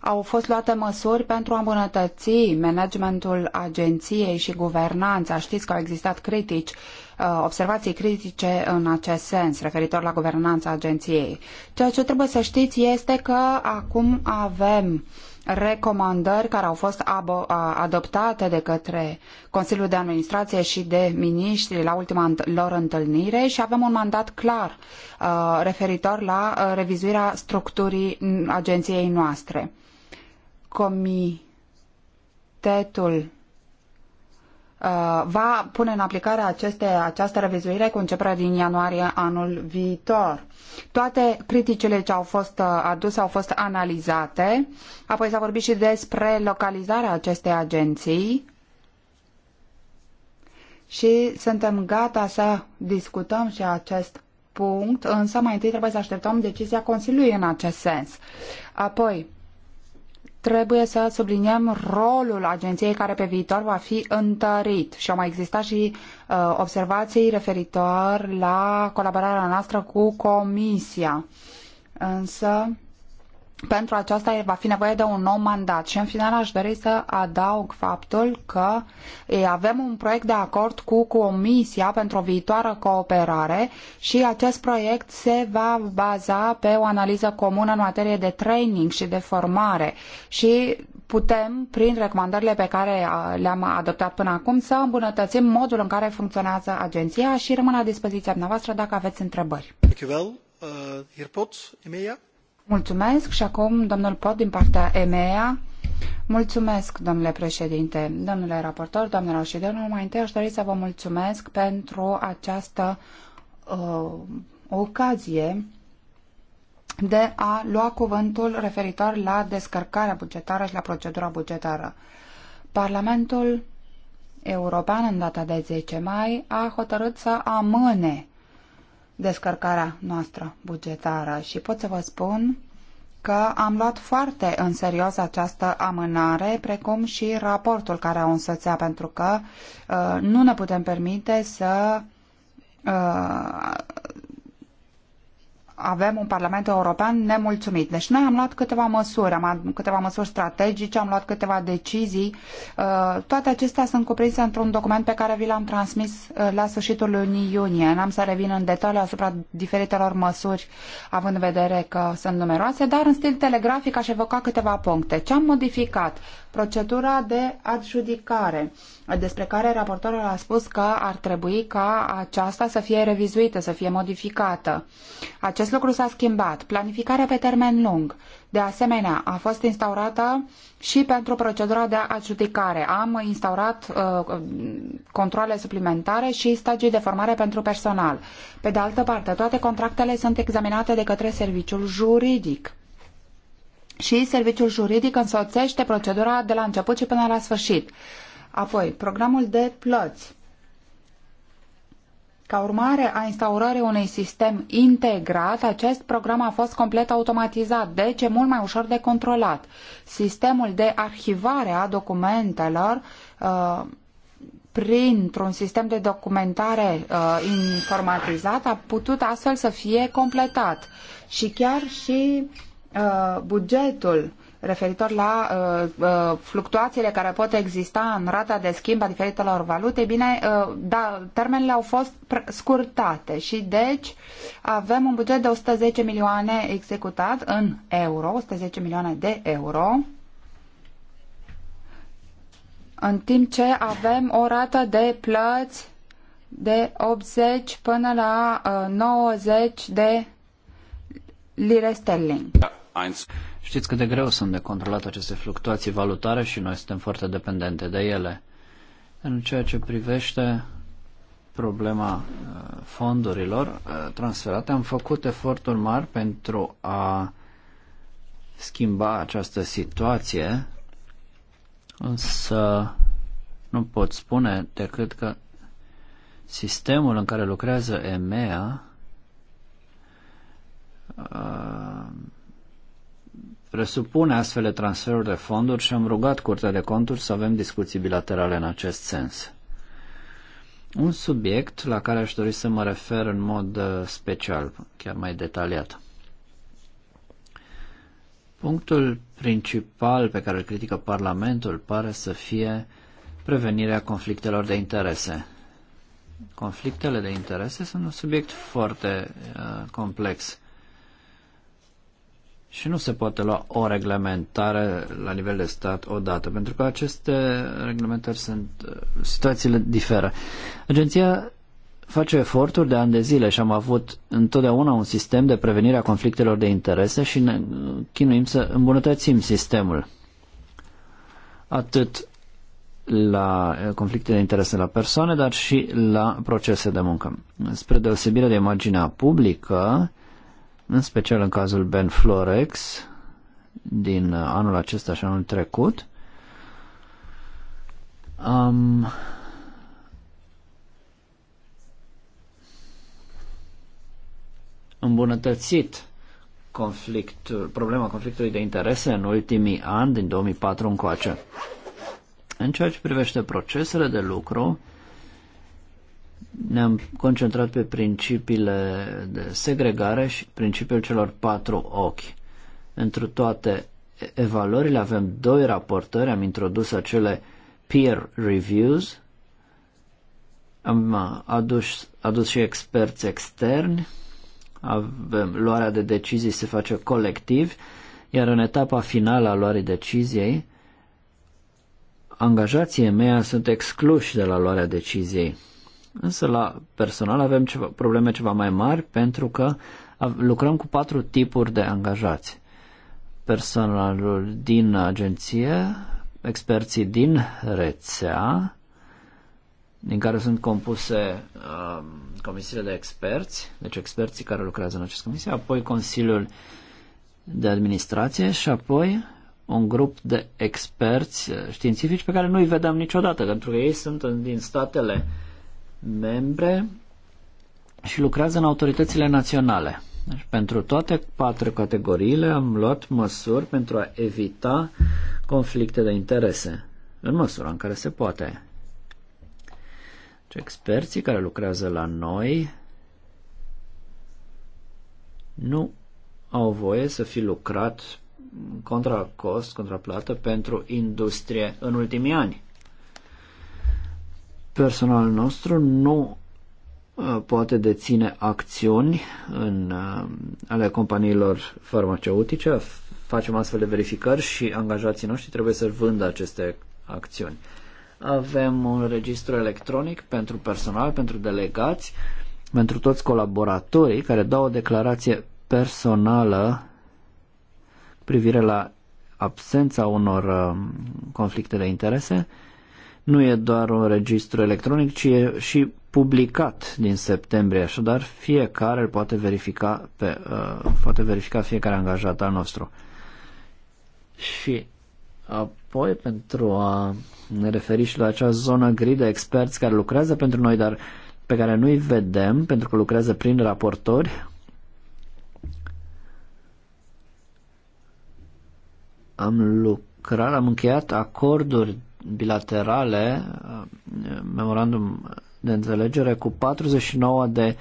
Au fost luate măsuri pentru a îmbunătăți managementul agenției și guvernanța. Știți că au existat critici uh, Uh, observații critice în acest sens, referitor la guvernanța agenției. Ceea ce trebuie să știți este că acum avem recomandări care au fost adoptate de către Consiliul de Administrație și de miniștri la ultima lor întâlnire și avem un mandat clar uh, referitor la uh, revizuirea structurii agenției noastre. Comitetul Uh, va pune în aplicare aceste, această revizuire cu începerea din ianuarie anul viitor. Toate criticile ce au fost uh, aduse au fost analizate, apoi s-a vorbit și despre localizarea acestei agenții și suntem gata să discutăm și acest punct, însă mai întâi trebuie să așteptăm decizia Consiliului în acest sens. Apoi, trebuie să subliniem rolul agenției care pe viitor va fi întărit și au mai existat și uh, observații referitor la colaborarea noastră cu Comisia. Însă pentru aceasta va fi nevoie de un nou mandat și în final aș dori să adaug faptul că avem un proiect de acord cu Comisia pentru o viitoare cooperare și acest proiect se va baza pe o analiză comună în materie de training și de formare și putem, prin recomandările pe care le-am adoptat până acum, să îmbunătățim modul în care funcționează agenția și rămân la dispoziția dumneavoastră dacă aveți întrebări. Eh, Mulțumesc. Mulțumesc și acum domnul Pot din partea EMEA. Mulțumesc, domnule președinte, domnule raportor, domnilor și domnilor. Mai întâi aș dori să vă mulțumesc pentru această uh, ocazie de a lua cuvântul referitor la descărcarea bugetară și la procedura bugetară. Parlamentul European, în data de 10 mai, a hotărât să amâne descărcarea noastră bugetară și pot să vă spun că am luat foarte în serios această amânare, precum și raportul care o însățea, pentru că uh, nu ne putem permite să uh, avem un Parlament European nemulțumit. Deci noi am luat câteva măsuri, am luat câteva măsuri strategice, am luat câteva decizii. Uh, toate acestea sunt cuprinse într-un document pe care vi l-am transmis uh, la sfârșitul lunii iunie. N-am să revin în detaliu asupra diferitelor măsuri, având în vedere că sunt numeroase, dar în stil telegrafic aș evoca câteva puncte. Ce am modificat? procedura de adjudicare, despre care raportorul a spus că ar trebui ca aceasta să fie revizuită, să fie modificată. Acest lucru s-a schimbat. Planificarea pe termen lung, de asemenea, a fost instaurată și pentru procedura de adjudicare. Am instaurat uh, controle suplimentare și stagii de formare pentru personal. Pe de altă parte, toate contractele sunt examinate de către serviciul juridic și serviciul juridic însoțește procedura de la început și până la sfârșit. Apoi, programul de plăți. Ca urmare a instaurării unui sistem integrat, acest program a fost complet automatizat, deci e mult mai ușor de controlat. Sistemul de arhivare a documentelor uh, printr-un sistem de documentare uh, informatizat a putut astfel să fie completat. Și chiar și Uh, bugetul referitor la uh, uh, fluctuațiile care pot exista în rata de schimb a diferitelor valute, bine, uh, da, termenele au fost scurtate și deci avem un buget de 110 milioane executat în euro, 110 milioane de euro, în timp ce avem o rată de plăți de 80 până la uh, 90 de lire sterling. Da. Știți cât de greu sunt de controlat aceste fluctuații valutare și noi suntem foarte dependente de ele. În ceea ce privește problema uh, fondurilor uh, transferate, am făcut eforturi mari pentru a schimba această situație, însă nu pot spune decât că sistemul în care lucrează EMEA uh, presupune astfel de transferuri de fonduri și am rugat Curtea de Conturi să avem discuții bilaterale în acest sens. Un subiect la care aș dori să mă refer în mod uh, special, chiar mai detaliat. Punctul principal pe care îl critică Parlamentul pare să fie prevenirea conflictelor de interese. Conflictele de interese sunt un subiect foarte uh, complex. Și nu se poate lua o reglementare la nivel de stat odată, pentru că aceste reglementări sunt, uh, situațiile diferă. Agenția face eforturi de ani de zile și am avut întotdeauna un sistem de prevenire a conflictelor de interese și ne chinuim să îmbunătățim sistemul. Atât la uh, conflicte de interese la persoane, dar și la procese de muncă. Spre deosebire de imaginea publică, în special în cazul Ben Florex din anul acesta și anul trecut. Um, îmbunătățit conflictul, problema conflictului de interese în ultimii ani, din 2004 încoace. În ceea ce privește procesele de lucru, ne-am concentrat pe principiile de segregare și principiul celor patru ochi. Întru toate evaluările avem doi raportări, am introdus acele peer reviews, am uh, adus, adus și experți externi, avem, luarea de decizii se face colectiv, iar în etapa finală a luării deciziei, angajații mei sunt excluși de la luarea deciziei Însă la personal avem ceva, probleme ceva mai mari pentru că lucrăm cu patru tipuri de angajați. Personalul din agenție, experții din rețea, din care sunt compuse uh, comisiile de experți, deci experții care lucrează în acest comisie, apoi Consiliul de Administrație și apoi un grup de experți științifici pe care nu-i vedem niciodată, pentru că ei sunt din statele uh, membre și lucrează în autoritățile naționale. Deci, pentru toate patru categoriile am luat măsuri pentru a evita conflicte de interese, în măsura în care se poate. Deci, experții care lucrează la noi nu au voie să fi lucrat contra cost, contra plată pentru industrie în ultimii ani personalul nostru nu uh, poate deține acțiuni în, uh, ale companiilor farmaceutice. Facem astfel de verificări și angajații noștri trebuie să vândă aceste acțiuni. Avem un registru electronic pentru personal, pentru delegați, pentru toți colaboratorii care dau o declarație personală privire la absența unor um, conflicte de interese nu e doar un registru electronic, ci e și publicat din septembrie, așadar fiecare îl poate verifica, pe, uh, poate verifica fiecare angajat al nostru. Și apoi pentru a ne referi și la acea zonă gri de experți care lucrează pentru noi, dar pe care nu-i vedem pentru că lucrează prin raportori, am lucrat, am încheiat acorduri bilaterale, memorandum de înțelegere cu 49 de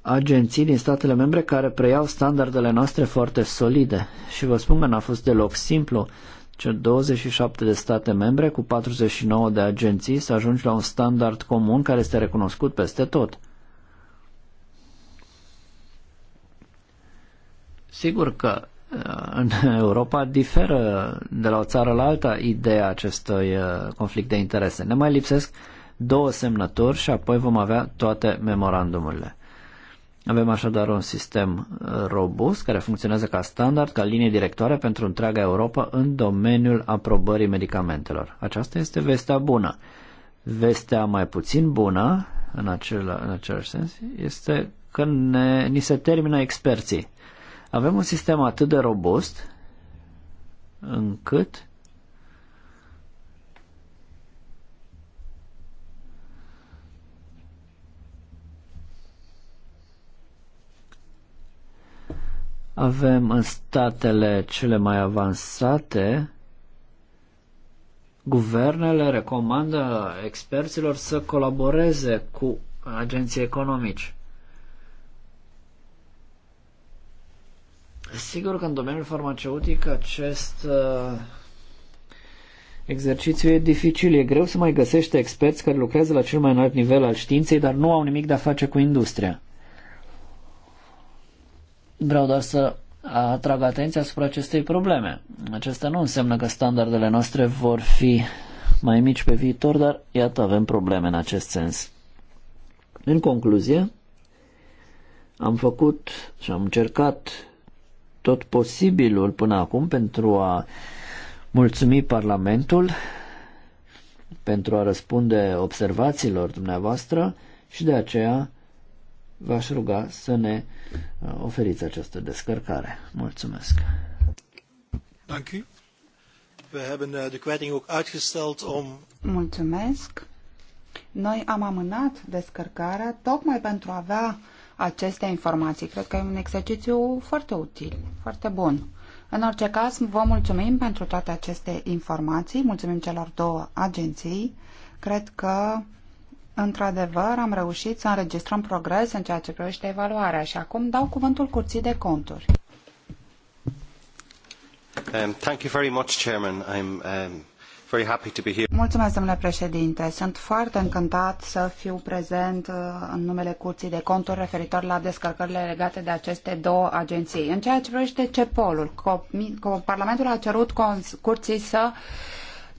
agenții din statele membre care preiau standardele noastre foarte solide. Și vă spun că n-a fost deloc simplu. Ce 27 de state membre cu 49 de agenții să ajungi la un standard comun care este recunoscut peste tot. Sigur că în Europa diferă de la o țară la alta ideea acestui uh, conflict de interese. Ne mai lipsesc două semnături și apoi vom avea toate memorandumurile. Avem așadar un sistem uh, robust care funcționează ca standard, ca linie directoare pentru întreaga Europa în domeniul aprobării medicamentelor. Aceasta este vestea bună. Vestea mai puțin bună, în, acela, în același sens, este că ne, ni se termină experții. Avem un sistem atât de robust încât avem în statele cele mai avansate guvernele recomandă experților să colaboreze cu agenții economici. Sigur că în domeniul farmaceutic acest uh, exercițiu e dificil. E greu să mai găsești experți care lucrează la cel mai înalt nivel al științei, dar nu au nimic de a face cu industria. Vreau doar să atrag atenția asupra acestei probleme. Acestea nu înseamnă că standardele noastre vor fi mai mici pe viitor, dar iată avem probleme în acest sens. În concluzie, am făcut și am încercat tot posibilul până acum pentru a mulțumi Parlamentul, pentru a răspunde observațiilor dumneavoastră și de aceea v-aș ruga să ne uh, oferiți această descărcare. Mulțumesc! Thank you. We hebben eh, de kwijting ook uitgesteld om... Mulțumesc! Noi am amânat descărcarea tocmai pentru a avea aceste informații. Cred că e un exercițiu foarte util, foarte bun. În orice caz, vă mulțumim pentru toate aceste informații, mulțumim celor două agenții. Cred că, într-adevăr, am reușit să înregistrăm progres în ceea ce privește evaluarea și acum dau cuvântul curții de conturi. Um, thank you very much, Chairman. I'm, um... Mulțumesc, domnule președinte. Sunt foarte încântat să fiu prezent uh, în numele Curții de Conturi referitor la descărcările legate de aceste două agenții. În ceea ce privește CEPOL-ul, Parlamentul a cerut Curții să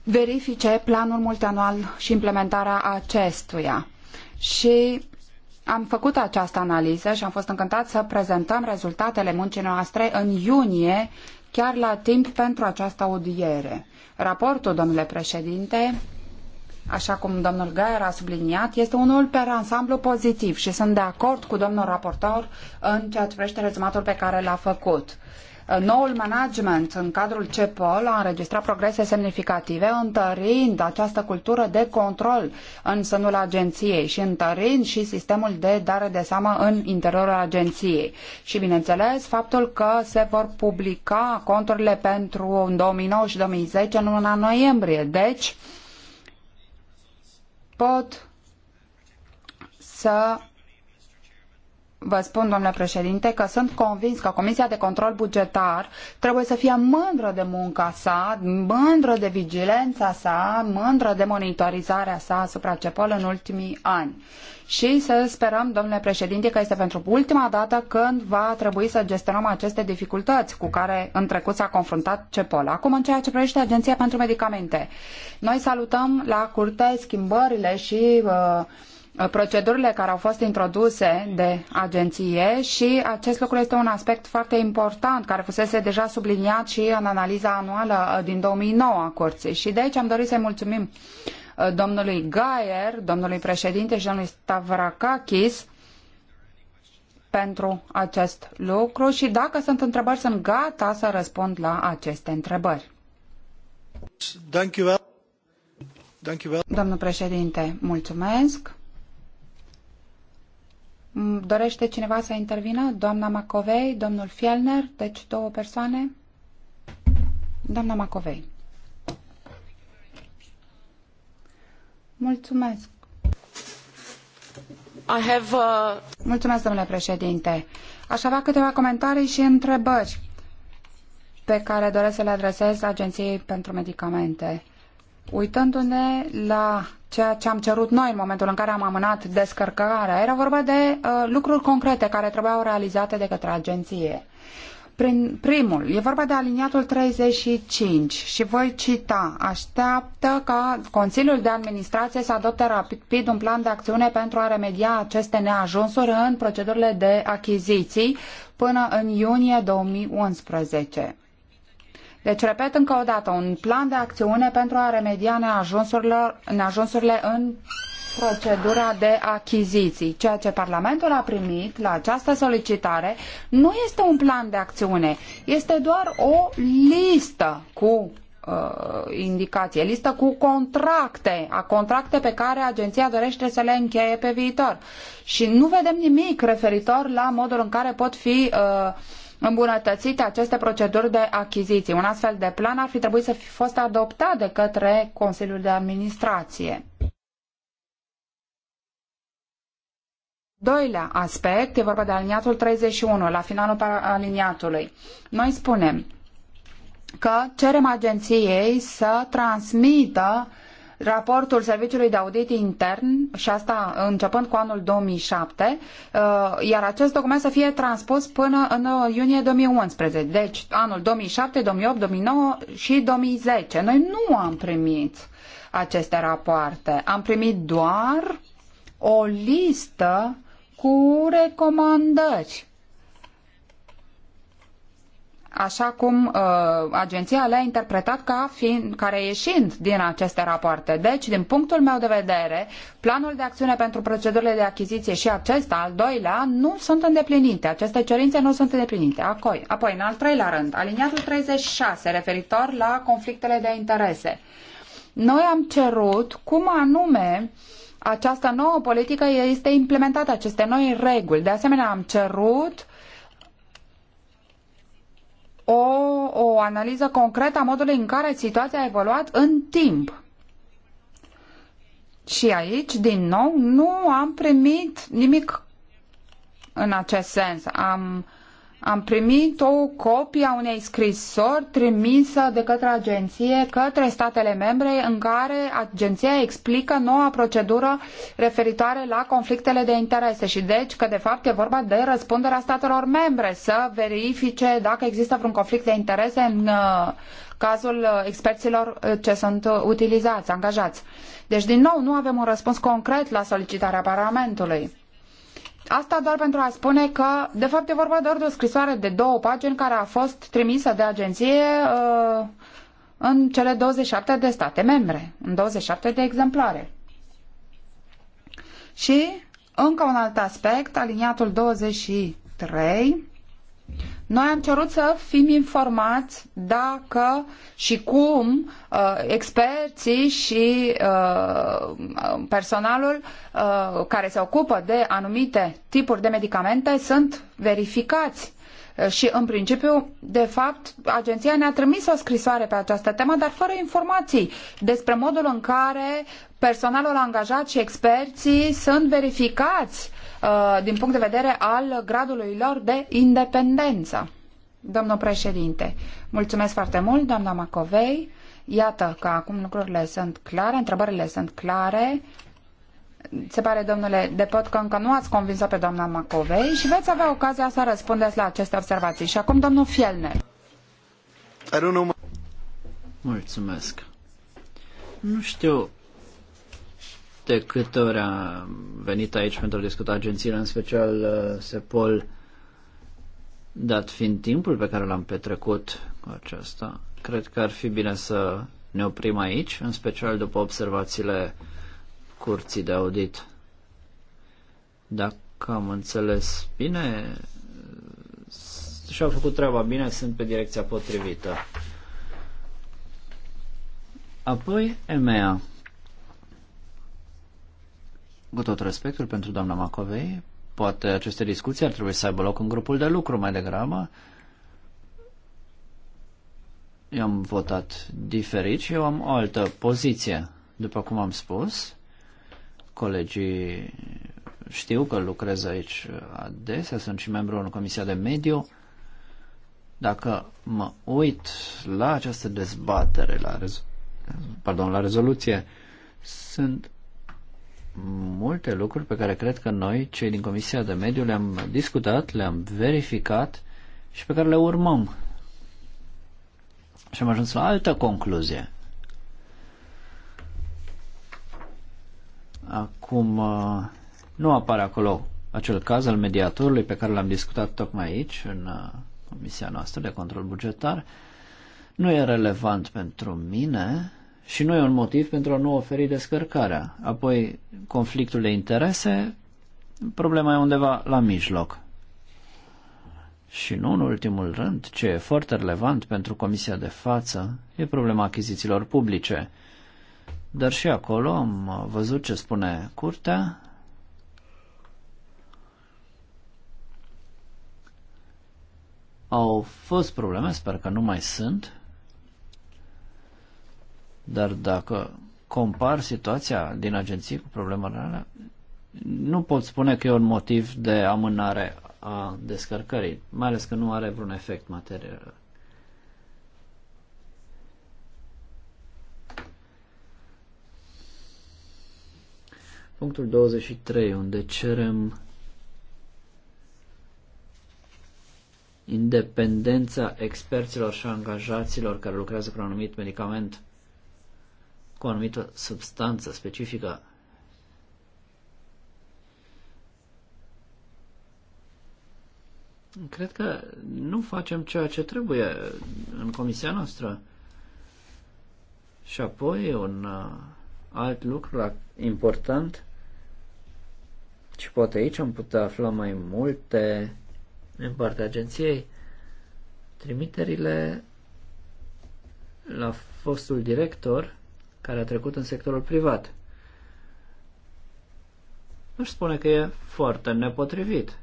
verifice planul multianual și implementarea acestuia. Și am făcut această analiză și am fost încântat să prezentăm rezultatele muncii noastre în iunie chiar la timp pentru această audiere. Raportul, domnule președinte, așa cum domnul Gaier a subliniat, este unul pe ansamblu pozitiv și sunt de acord cu domnul raportor în ceea ce privește rezumatul pe care l-a făcut. Uh, noul management în cadrul CEPOL a înregistrat progrese semnificative, întărind această cultură de control în sânul agenției și întărind și sistemul de dare de seamă în interiorul agenției. Și, bineînțeles, faptul că se vor publica conturile pentru 2009 și 2010 în luna noiembrie. Deci, pot să vă spun, domnule președinte, că sunt convins că Comisia de Control Bugetar trebuie să fie mândră de munca sa, mândră de vigilența sa, mândră de monitorizarea sa asupra CEPOL în ultimii ani. Și să sperăm, domnule președinte, că este pentru ultima dată când va trebui să gestionăm aceste dificultăți cu care în trecut s-a confruntat CEPOL. Acum, în ceea ce privește Agenția pentru Medicamente, noi salutăm la curte schimbările și uh, procedurile care au fost introduse de agenție și acest lucru este un aspect foarte important care fusese deja subliniat și în analiza anuală uh, din 2009 a curții. Și de aici am dorit să-i mulțumim uh, domnului Gaier, domnului președinte și domnului Stavrakakis pentru acest lucru și dacă sunt întrebări, sunt gata să răspund la aceste întrebări. Domnul președinte, mulțumesc. Dorește cineva să intervină? Doamna Macovei, domnul Fielner, deci două persoane. Doamna Macovei. Mulțumesc. I have, uh... Mulțumesc, domnule președinte. Aș avea câteva comentarii și întrebări pe care doresc să le adresez Agenției pentru Medicamente. Uitându-ne la ceea ce am cerut noi în momentul în care am amânat descărcarea. Era vorba de uh, lucruri concrete care trebuiau realizate de către agenție. Prin, primul, e vorba de aliniatul 35 și voi cita, așteaptă ca Consiliul de Administrație să adopte rapid un plan de acțiune pentru a remedia aceste neajunsuri în procedurile de achiziții până în iunie 2011. Deci, repet încă o dată, un plan de acțiune pentru a remedia neajunsurile, neajunsurile în procedura de achiziții. Ceea ce Parlamentul a primit la această solicitare nu este un plan de acțiune, este doar o listă cu uh, indicație, listă cu contracte, a contracte pe care agenția dorește să le încheie pe viitor. Și nu vedem nimic referitor la modul în care pot fi uh, îmbunătățite aceste proceduri de achiziții. Un astfel de plan ar fi trebuit să fi fost adoptat de către Consiliul de Administrație. Doilea aspect, e vorba de aliniatul 31, la finalul aliniatului. Noi spunem că cerem agenției să transmită raportul Serviciului de Audit Intern și asta începând cu anul 2007, uh, iar acest document să fie transpus până în iunie 2011. Deci anul 2007, 2008, 2009 și 2010. Noi nu am primit aceste rapoarte. Am primit doar o listă cu recomandări așa cum uh, agenția le-a interpretat ca fiind, care ieșind din aceste rapoarte. Deci, din punctul meu de vedere, planul de acțiune pentru procedurile de achiziție și acesta, al doilea, nu sunt îndeplinite. Aceste cerințe nu sunt îndeplinite. Apoi, apoi în al treilea rând, aliniatul 36, referitor la conflictele de interese. Noi am cerut cum anume această nouă politică este implementată, aceste noi reguli. De asemenea, am cerut o, o analiză concretă a modului în care situația a evoluat în timp. Și aici, din nou, nu am primit nimic în acest sens. Am am primit o copie a unei scrisori trimisă de către agenție către statele membre în care agenția explică noua procedură referitoare la conflictele de interese și deci că de fapt e vorba de răspunderea statelor membre să verifice dacă există vreun conflict de interese în uh, cazul uh, experților uh, ce sunt utilizați, angajați. Deci din nou nu avem un răspuns concret la solicitarea Parlamentului. Asta doar pentru a spune că, de fapt, e vorba doar de o scrisoare de două pagini care a fost trimisă de agenție uh, în cele 27 de state membre, în 27 de exemplare. Și, încă un alt aspect, aliniatul 23 noi am cerut să fim informați dacă și cum uh, experții și uh, personalul uh, care se ocupă de anumite tipuri de medicamente sunt verificați. Uh, și în principiu, de fapt, agenția ne-a trimis o scrisoare pe această temă, dar fără informații despre modul în care personalul angajat și experții sunt verificați uh, Uh, din punct de vedere al gradului lor de independență. Domnul președinte, mulțumesc foarte mult, doamna Macovei. Iată că acum lucrurile sunt clare, întrebările sunt clare. Se pare, domnule Depot, că încă nu ați convins-o pe doamna Macovei și veți avea ocazia să răspundeți la aceste observații. Și acum, domnul Fielner. Mulțumesc. Nu știu de câte ori a venit aici pentru a discuta agențiile, în special uh, SEPOL, dat fiind timpul pe care l-am petrecut cu aceasta, cred că ar fi bine să ne oprim aici, în special după observațiile curții de audit. Dacă am înțeles bine, uh, și-au făcut treaba bine, sunt pe direcția potrivită. Apoi EMEA. Cu tot respectul pentru doamna Macovei, poate aceste discuții ar trebui să aibă loc în grupul de lucru mai degrabă. Eu am votat diferit și eu am o altă poziție. După cum am spus, colegii știu că lucrez aici adesea, sunt și membru în Comisia de Mediu. Dacă mă uit la această dezbatere, la, rezo- pardon, la rezoluție, sunt multe lucruri pe care cred că noi, cei din Comisia de Mediu, le-am discutat, le-am verificat și pe care le urmăm. Și am ajuns la altă concluzie. Acum uh, nu apare acolo acel caz al mediatorului pe care l-am discutat tocmai aici, în uh, Comisia noastră de control bugetar. Nu e relevant pentru mine, și nu e un motiv pentru a nu oferi descărcarea. Apoi, conflictul de interese, problema e undeva la mijloc. Și nu în ultimul rând, ce e foarte relevant pentru comisia de față, e problema achizițiilor publice. Dar și acolo am văzut ce spune curtea. Au fost probleme, sper că nu mai sunt, dar dacă compar situația din agenții cu problema reală, nu pot spune că e un motiv de amânare a descărcării, mai ales că nu are vreun efect material. Punctul 23, unde cerem independența experților și angajaților care lucrează cu un anumit medicament cu o anumită substanță specifică. Cred că nu facem ceea ce trebuie în comisia noastră. Și apoi un uh, alt lucru important și poate aici am putea afla mai multe în partea agenției trimiterile la fostul director care a trecut în sectorul privat. Își spune că e foarte nepotrivit.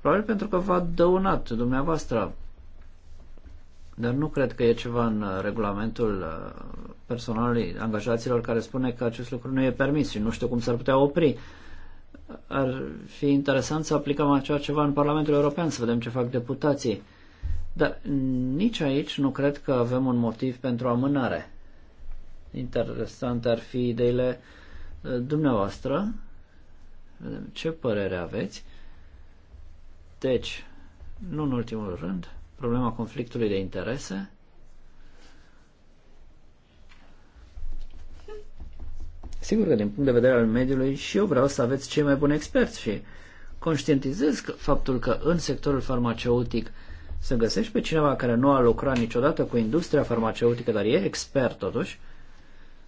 Probabil pentru că v-a dăunat dumneavoastră. Dar nu cred că e ceva în uh, regulamentul uh, personalului angajaților care spune că acest lucru nu e permis și nu știu cum s-ar putea opri. Ar fi interesant să aplicăm acea ceva în Parlamentul European, să vedem ce fac deputații. Dar nici aici nu cred că avem un motiv pentru amânare interesante ar fi ideile uh, dumneavoastră. Vedem ce părere aveți. Deci, nu în ultimul rând, problema conflictului de interese. Sigur că din punct de vedere al mediului și eu vreau să aveți cei mai buni experți și conștientizez că faptul că în sectorul farmaceutic să găsești pe cineva care nu a lucrat niciodată cu industria farmaceutică, dar e expert totuși,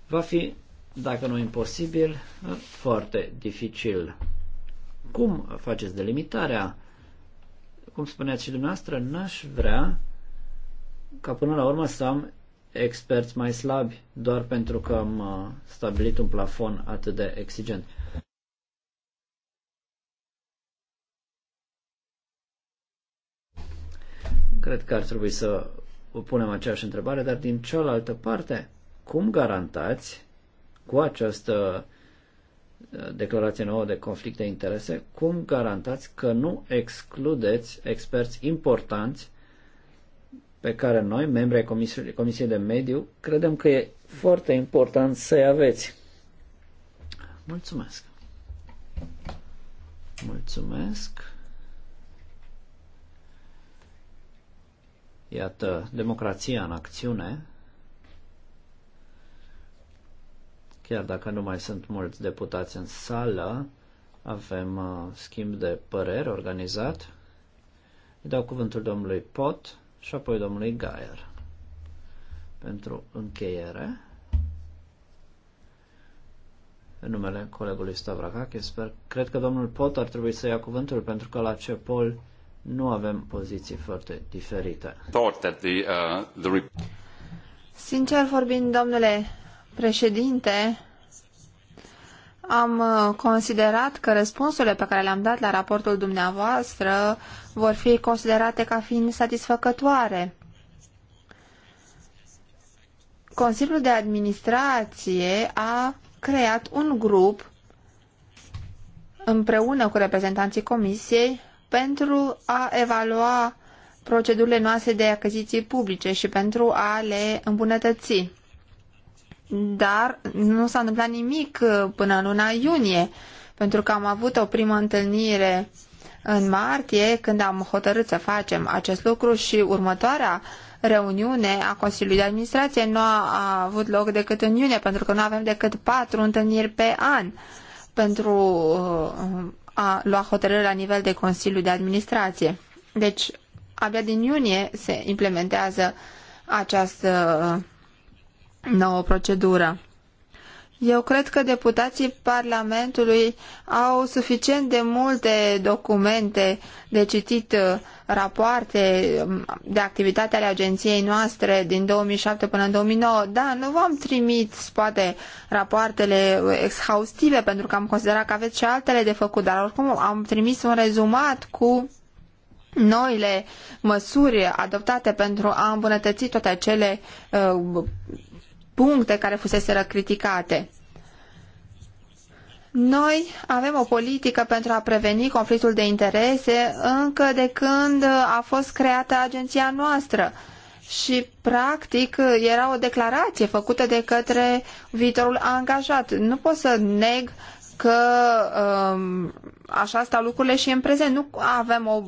va fi, dacă nu imposibil, foarte dificil. Cum faceți delimitarea? Cum spuneați și dumneavoastră, n-aș vrea ca până la urmă să am experți mai slabi doar pentru că am uh, stabilit un plafon atât de exigent. Cred că ar trebui să punem aceeași întrebare, dar din cealaltă parte, cum garantați cu această uh, declarație nouă de conflict de interese, cum garantați că nu excludeți experți importanți pe care noi, membrii Comisiei, Comisiei de Mediu, credem că e foarte important să-i aveți. Mulțumesc! Mulțumesc! Iată, democrația în acțiune. Chiar dacă nu mai sunt mulți deputați în sală, avem uh, schimb de păreri organizat. Îi dau cuvântul domnului Pot și apoi domnului Gaier pentru încheiere. În numele colegului Stavrakakis, sper, cred că domnul Pot ar trebui să ia cuvântul pentru că la CEPOL nu avem poziții foarte diferite. Uh, Sincer vorbind, domnule președinte, am uh, considerat că răspunsurile pe care le-am dat la raportul dumneavoastră vor fi considerate ca fiind satisfăcătoare. Consiliul de Administrație a creat un grup împreună cu reprezentanții Comisiei pentru a evalua procedurile noastre de achiziții publice și pentru a le îmbunătăți dar nu s-a întâmplat nimic uh, până în luna iunie, pentru că am avut o primă întâlnire în martie, când am hotărât să facem acest lucru și următoarea reuniune a Consiliului de Administrație nu a avut loc decât în iunie, pentru că nu avem decât patru întâlniri pe an pentru uh, a lua hotărâri la nivel de Consiliu de Administrație. Deci, abia din iunie se implementează această nouă procedură. Eu cred că deputații Parlamentului au suficient de multe documente de citit, uh, rapoarte um, de activitate ale agenției noastre din 2007 până în 2009. Da, nu v-am trimit, poate, rapoartele uh, exhaustive, pentru că am considerat că aveți și altele de făcut, dar oricum am trimis un rezumat cu noile măsuri adoptate pentru a îmbunătăți toate acele uh, puncte care fuseseră criticate. Noi avem o politică pentru a preveni conflictul de interese încă de când a fost creată agenția noastră și practic era o declarație făcută de către viitorul angajat. Nu pot să neg că um, așa stau lucrurile și în prezent. Nu avem o,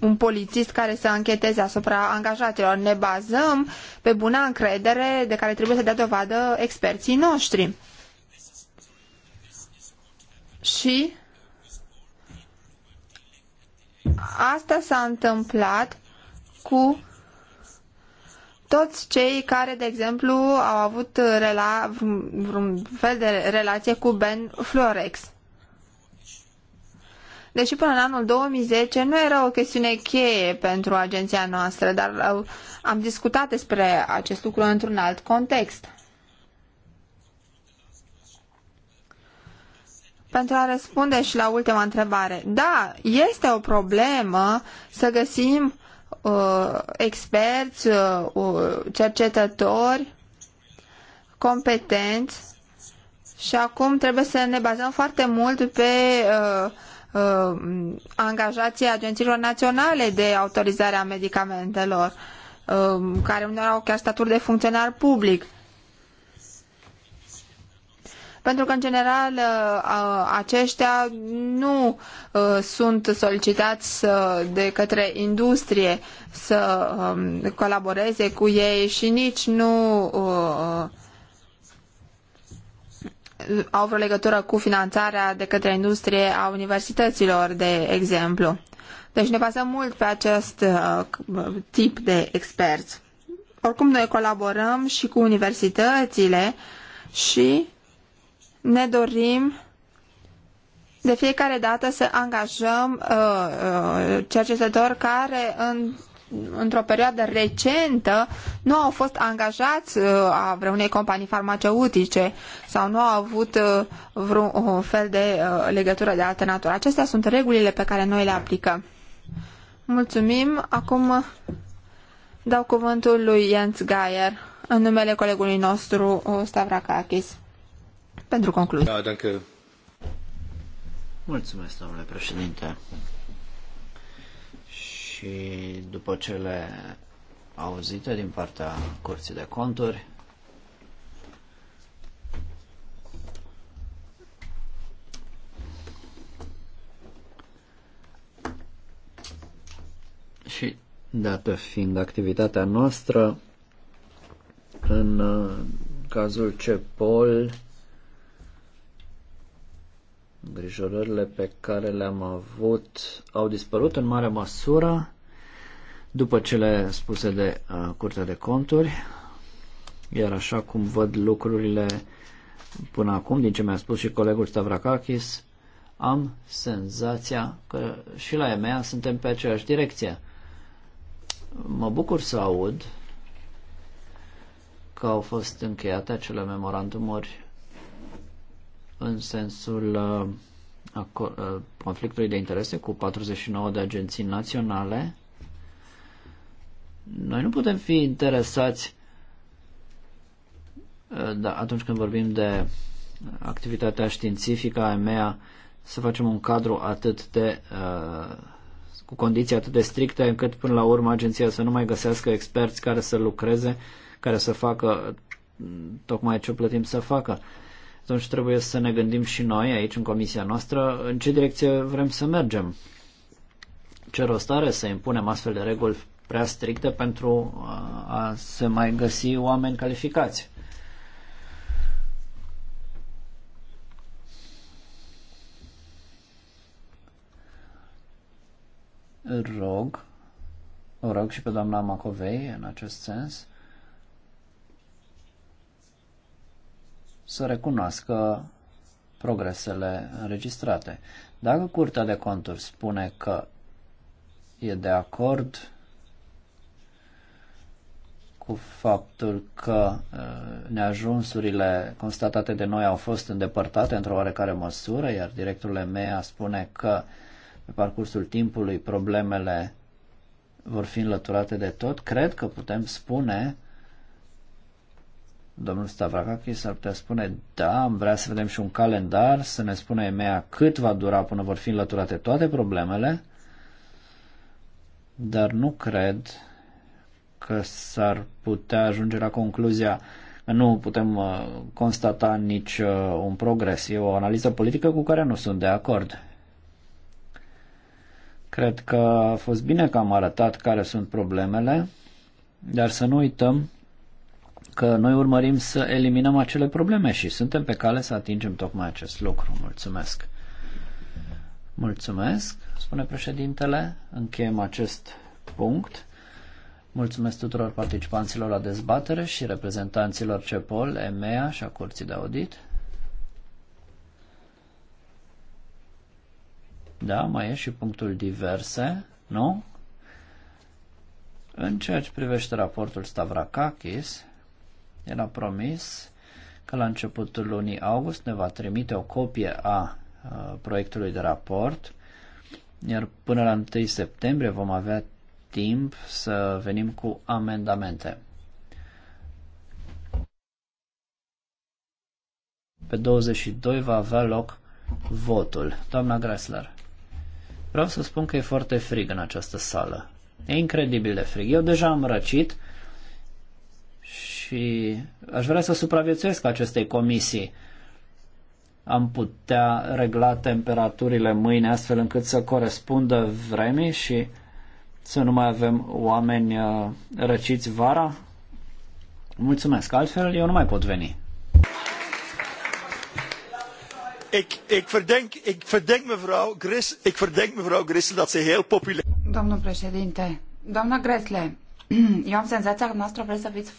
un polițist care să încheteze asupra angajaților. Ne bazăm pe buna încredere de care trebuie să dea dovadă experții noștri. Și asta s-a întâmplat cu toți cei care, de exemplu, au avut rela- vreun fel de relație cu Ben Florex. Deși până în anul 2010 nu era o chestiune cheie pentru agenția noastră, dar uh, am discutat despre acest lucru într-un alt context. Pentru a răspunde și la ultima întrebare, da, este o problemă să găsim uh, experți, uh, uh, cercetători competenți și acum trebuie să ne bazăm foarte mult pe uh, uh, angajații agențiilor naționale de autorizare a medicamentelor, uh, care uneori au chiar statut de funcționar public pentru că, în general, uh, aceștia nu uh, sunt solicitați de către industrie să um, colaboreze cu ei și nici nu uh, au vreo legătură cu finanțarea de către industrie a universităților, de exemplu. Deci ne bazăm mult pe acest tip de experți. Oricum, noi colaborăm și cu universitățile și ne dorim de fiecare dată să angajăm uh, uh, cercetători care în într-o perioadă recentă nu au fost angajați uh, a vreunei companii farmaceutice sau nu au avut uh, vreun fel de uh, legătură de altă natură. Acestea sunt regulile pe care noi le aplicăm. Mulțumim. Acum dau cuvântul lui Jens Geier în numele colegului nostru uh, Stavrakakis pentru concluzie. Da, dacă... Mulțumesc, domnule președinte. Și după cele auzite din partea Curții de Conturi, și dată fiind activitatea noastră în uh, cazul CEPOL Îngrijorările pe care le-am avut au dispărut în mare măsură după cele spuse de uh, Curtea de Conturi, iar așa cum văd lucrurile până acum, din ce mi-a spus și colegul Stavrakakis, am senzația că și la EMEA suntem pe aceeași direcție. Mă bucur să aud că au fost încheiate acele memorandumuri în sensul uh, uh, conflictului de interese cu 49 de agenții naționale, noi nu putem fi interesați uh, da, atunci când vorbim de activitatea științifică a EMEA să facem un cadru atât de uh, cu condiții atât de stricte încât până la urmă agenția să nu mai găsească experți care să lucreze, care să facă tocmai ce plătim să facă. Uh, atunci trebuie să ne gândim și noi aici în comisia noastră în ce direcție vrem să mergem. Ce rost are să impunem astfel de reguli prea stricte pentru a se mai găsi oameni calificați? Îl rog, rog și pe doamna Macovei în acest sens. să recunoască progresele înregistrate. Dacă Curtea de Conturi spune că e de acord cu faptul că uh, neajunsurile constatate de noi au fost îndepărtate într-o oarecare măsură, iar directorul EMEA spune că pe parcursul timpului problemele vor fi înlăturate de tot, cred că putem spune domnul Stavrakakis s-ar putea spune, da, am vrea să vedem și un calendar, să ne spună EMEA cât va dura până vor fi înlăturate toate problemele, dar nu cred că s-ar putea ajunge la concluzia că nu putem uh, constata nici uh, un progres. E o analiză politică cu care nu sunt de acord. Cred că a fost bine că am arătat care sunt problemele, dar să nu uităm că noi urmărim să eliminăm acele probleme și suntem pe cale să atingem tocmai acest lucru. Mulțumesc! Mulțumesc, spune președintele. Încheiem acest punct. Mulțumesc tuturor participanților la dezbatere și reprezentanților CEPOL, EMEA și a Curții de Audit. Da, mai e și punctul diverse, nu? În ceea ce privește raportul Stavrakakis, el a promis că la începutul lunii august ne va trimite o copie a proiectului de raport, iar până la 1 septembrie vom avea timp să venim cu amendamente. Pe 22 va avea loc votul. Doamna Gressler, vreau să spun că e foarte frig în această sală. E incredibil de frig. Eu deja am răcit, și aș vrea să supraviețuiesc acestei comisii. Am putea regla temperaturile mâine astfel încât să corespundă vremii și să nu mai avem oameni uh, răciți vara? Mulțumesc, altfel eu nu mai pot veni. Ik, ik, verdenk, ik verdenk mevrouw Gris, ik verdenk mevrouw dat ze heel populair... Domnul președinte, doamna Gresle, eu am senzația că noastră vreți să fiți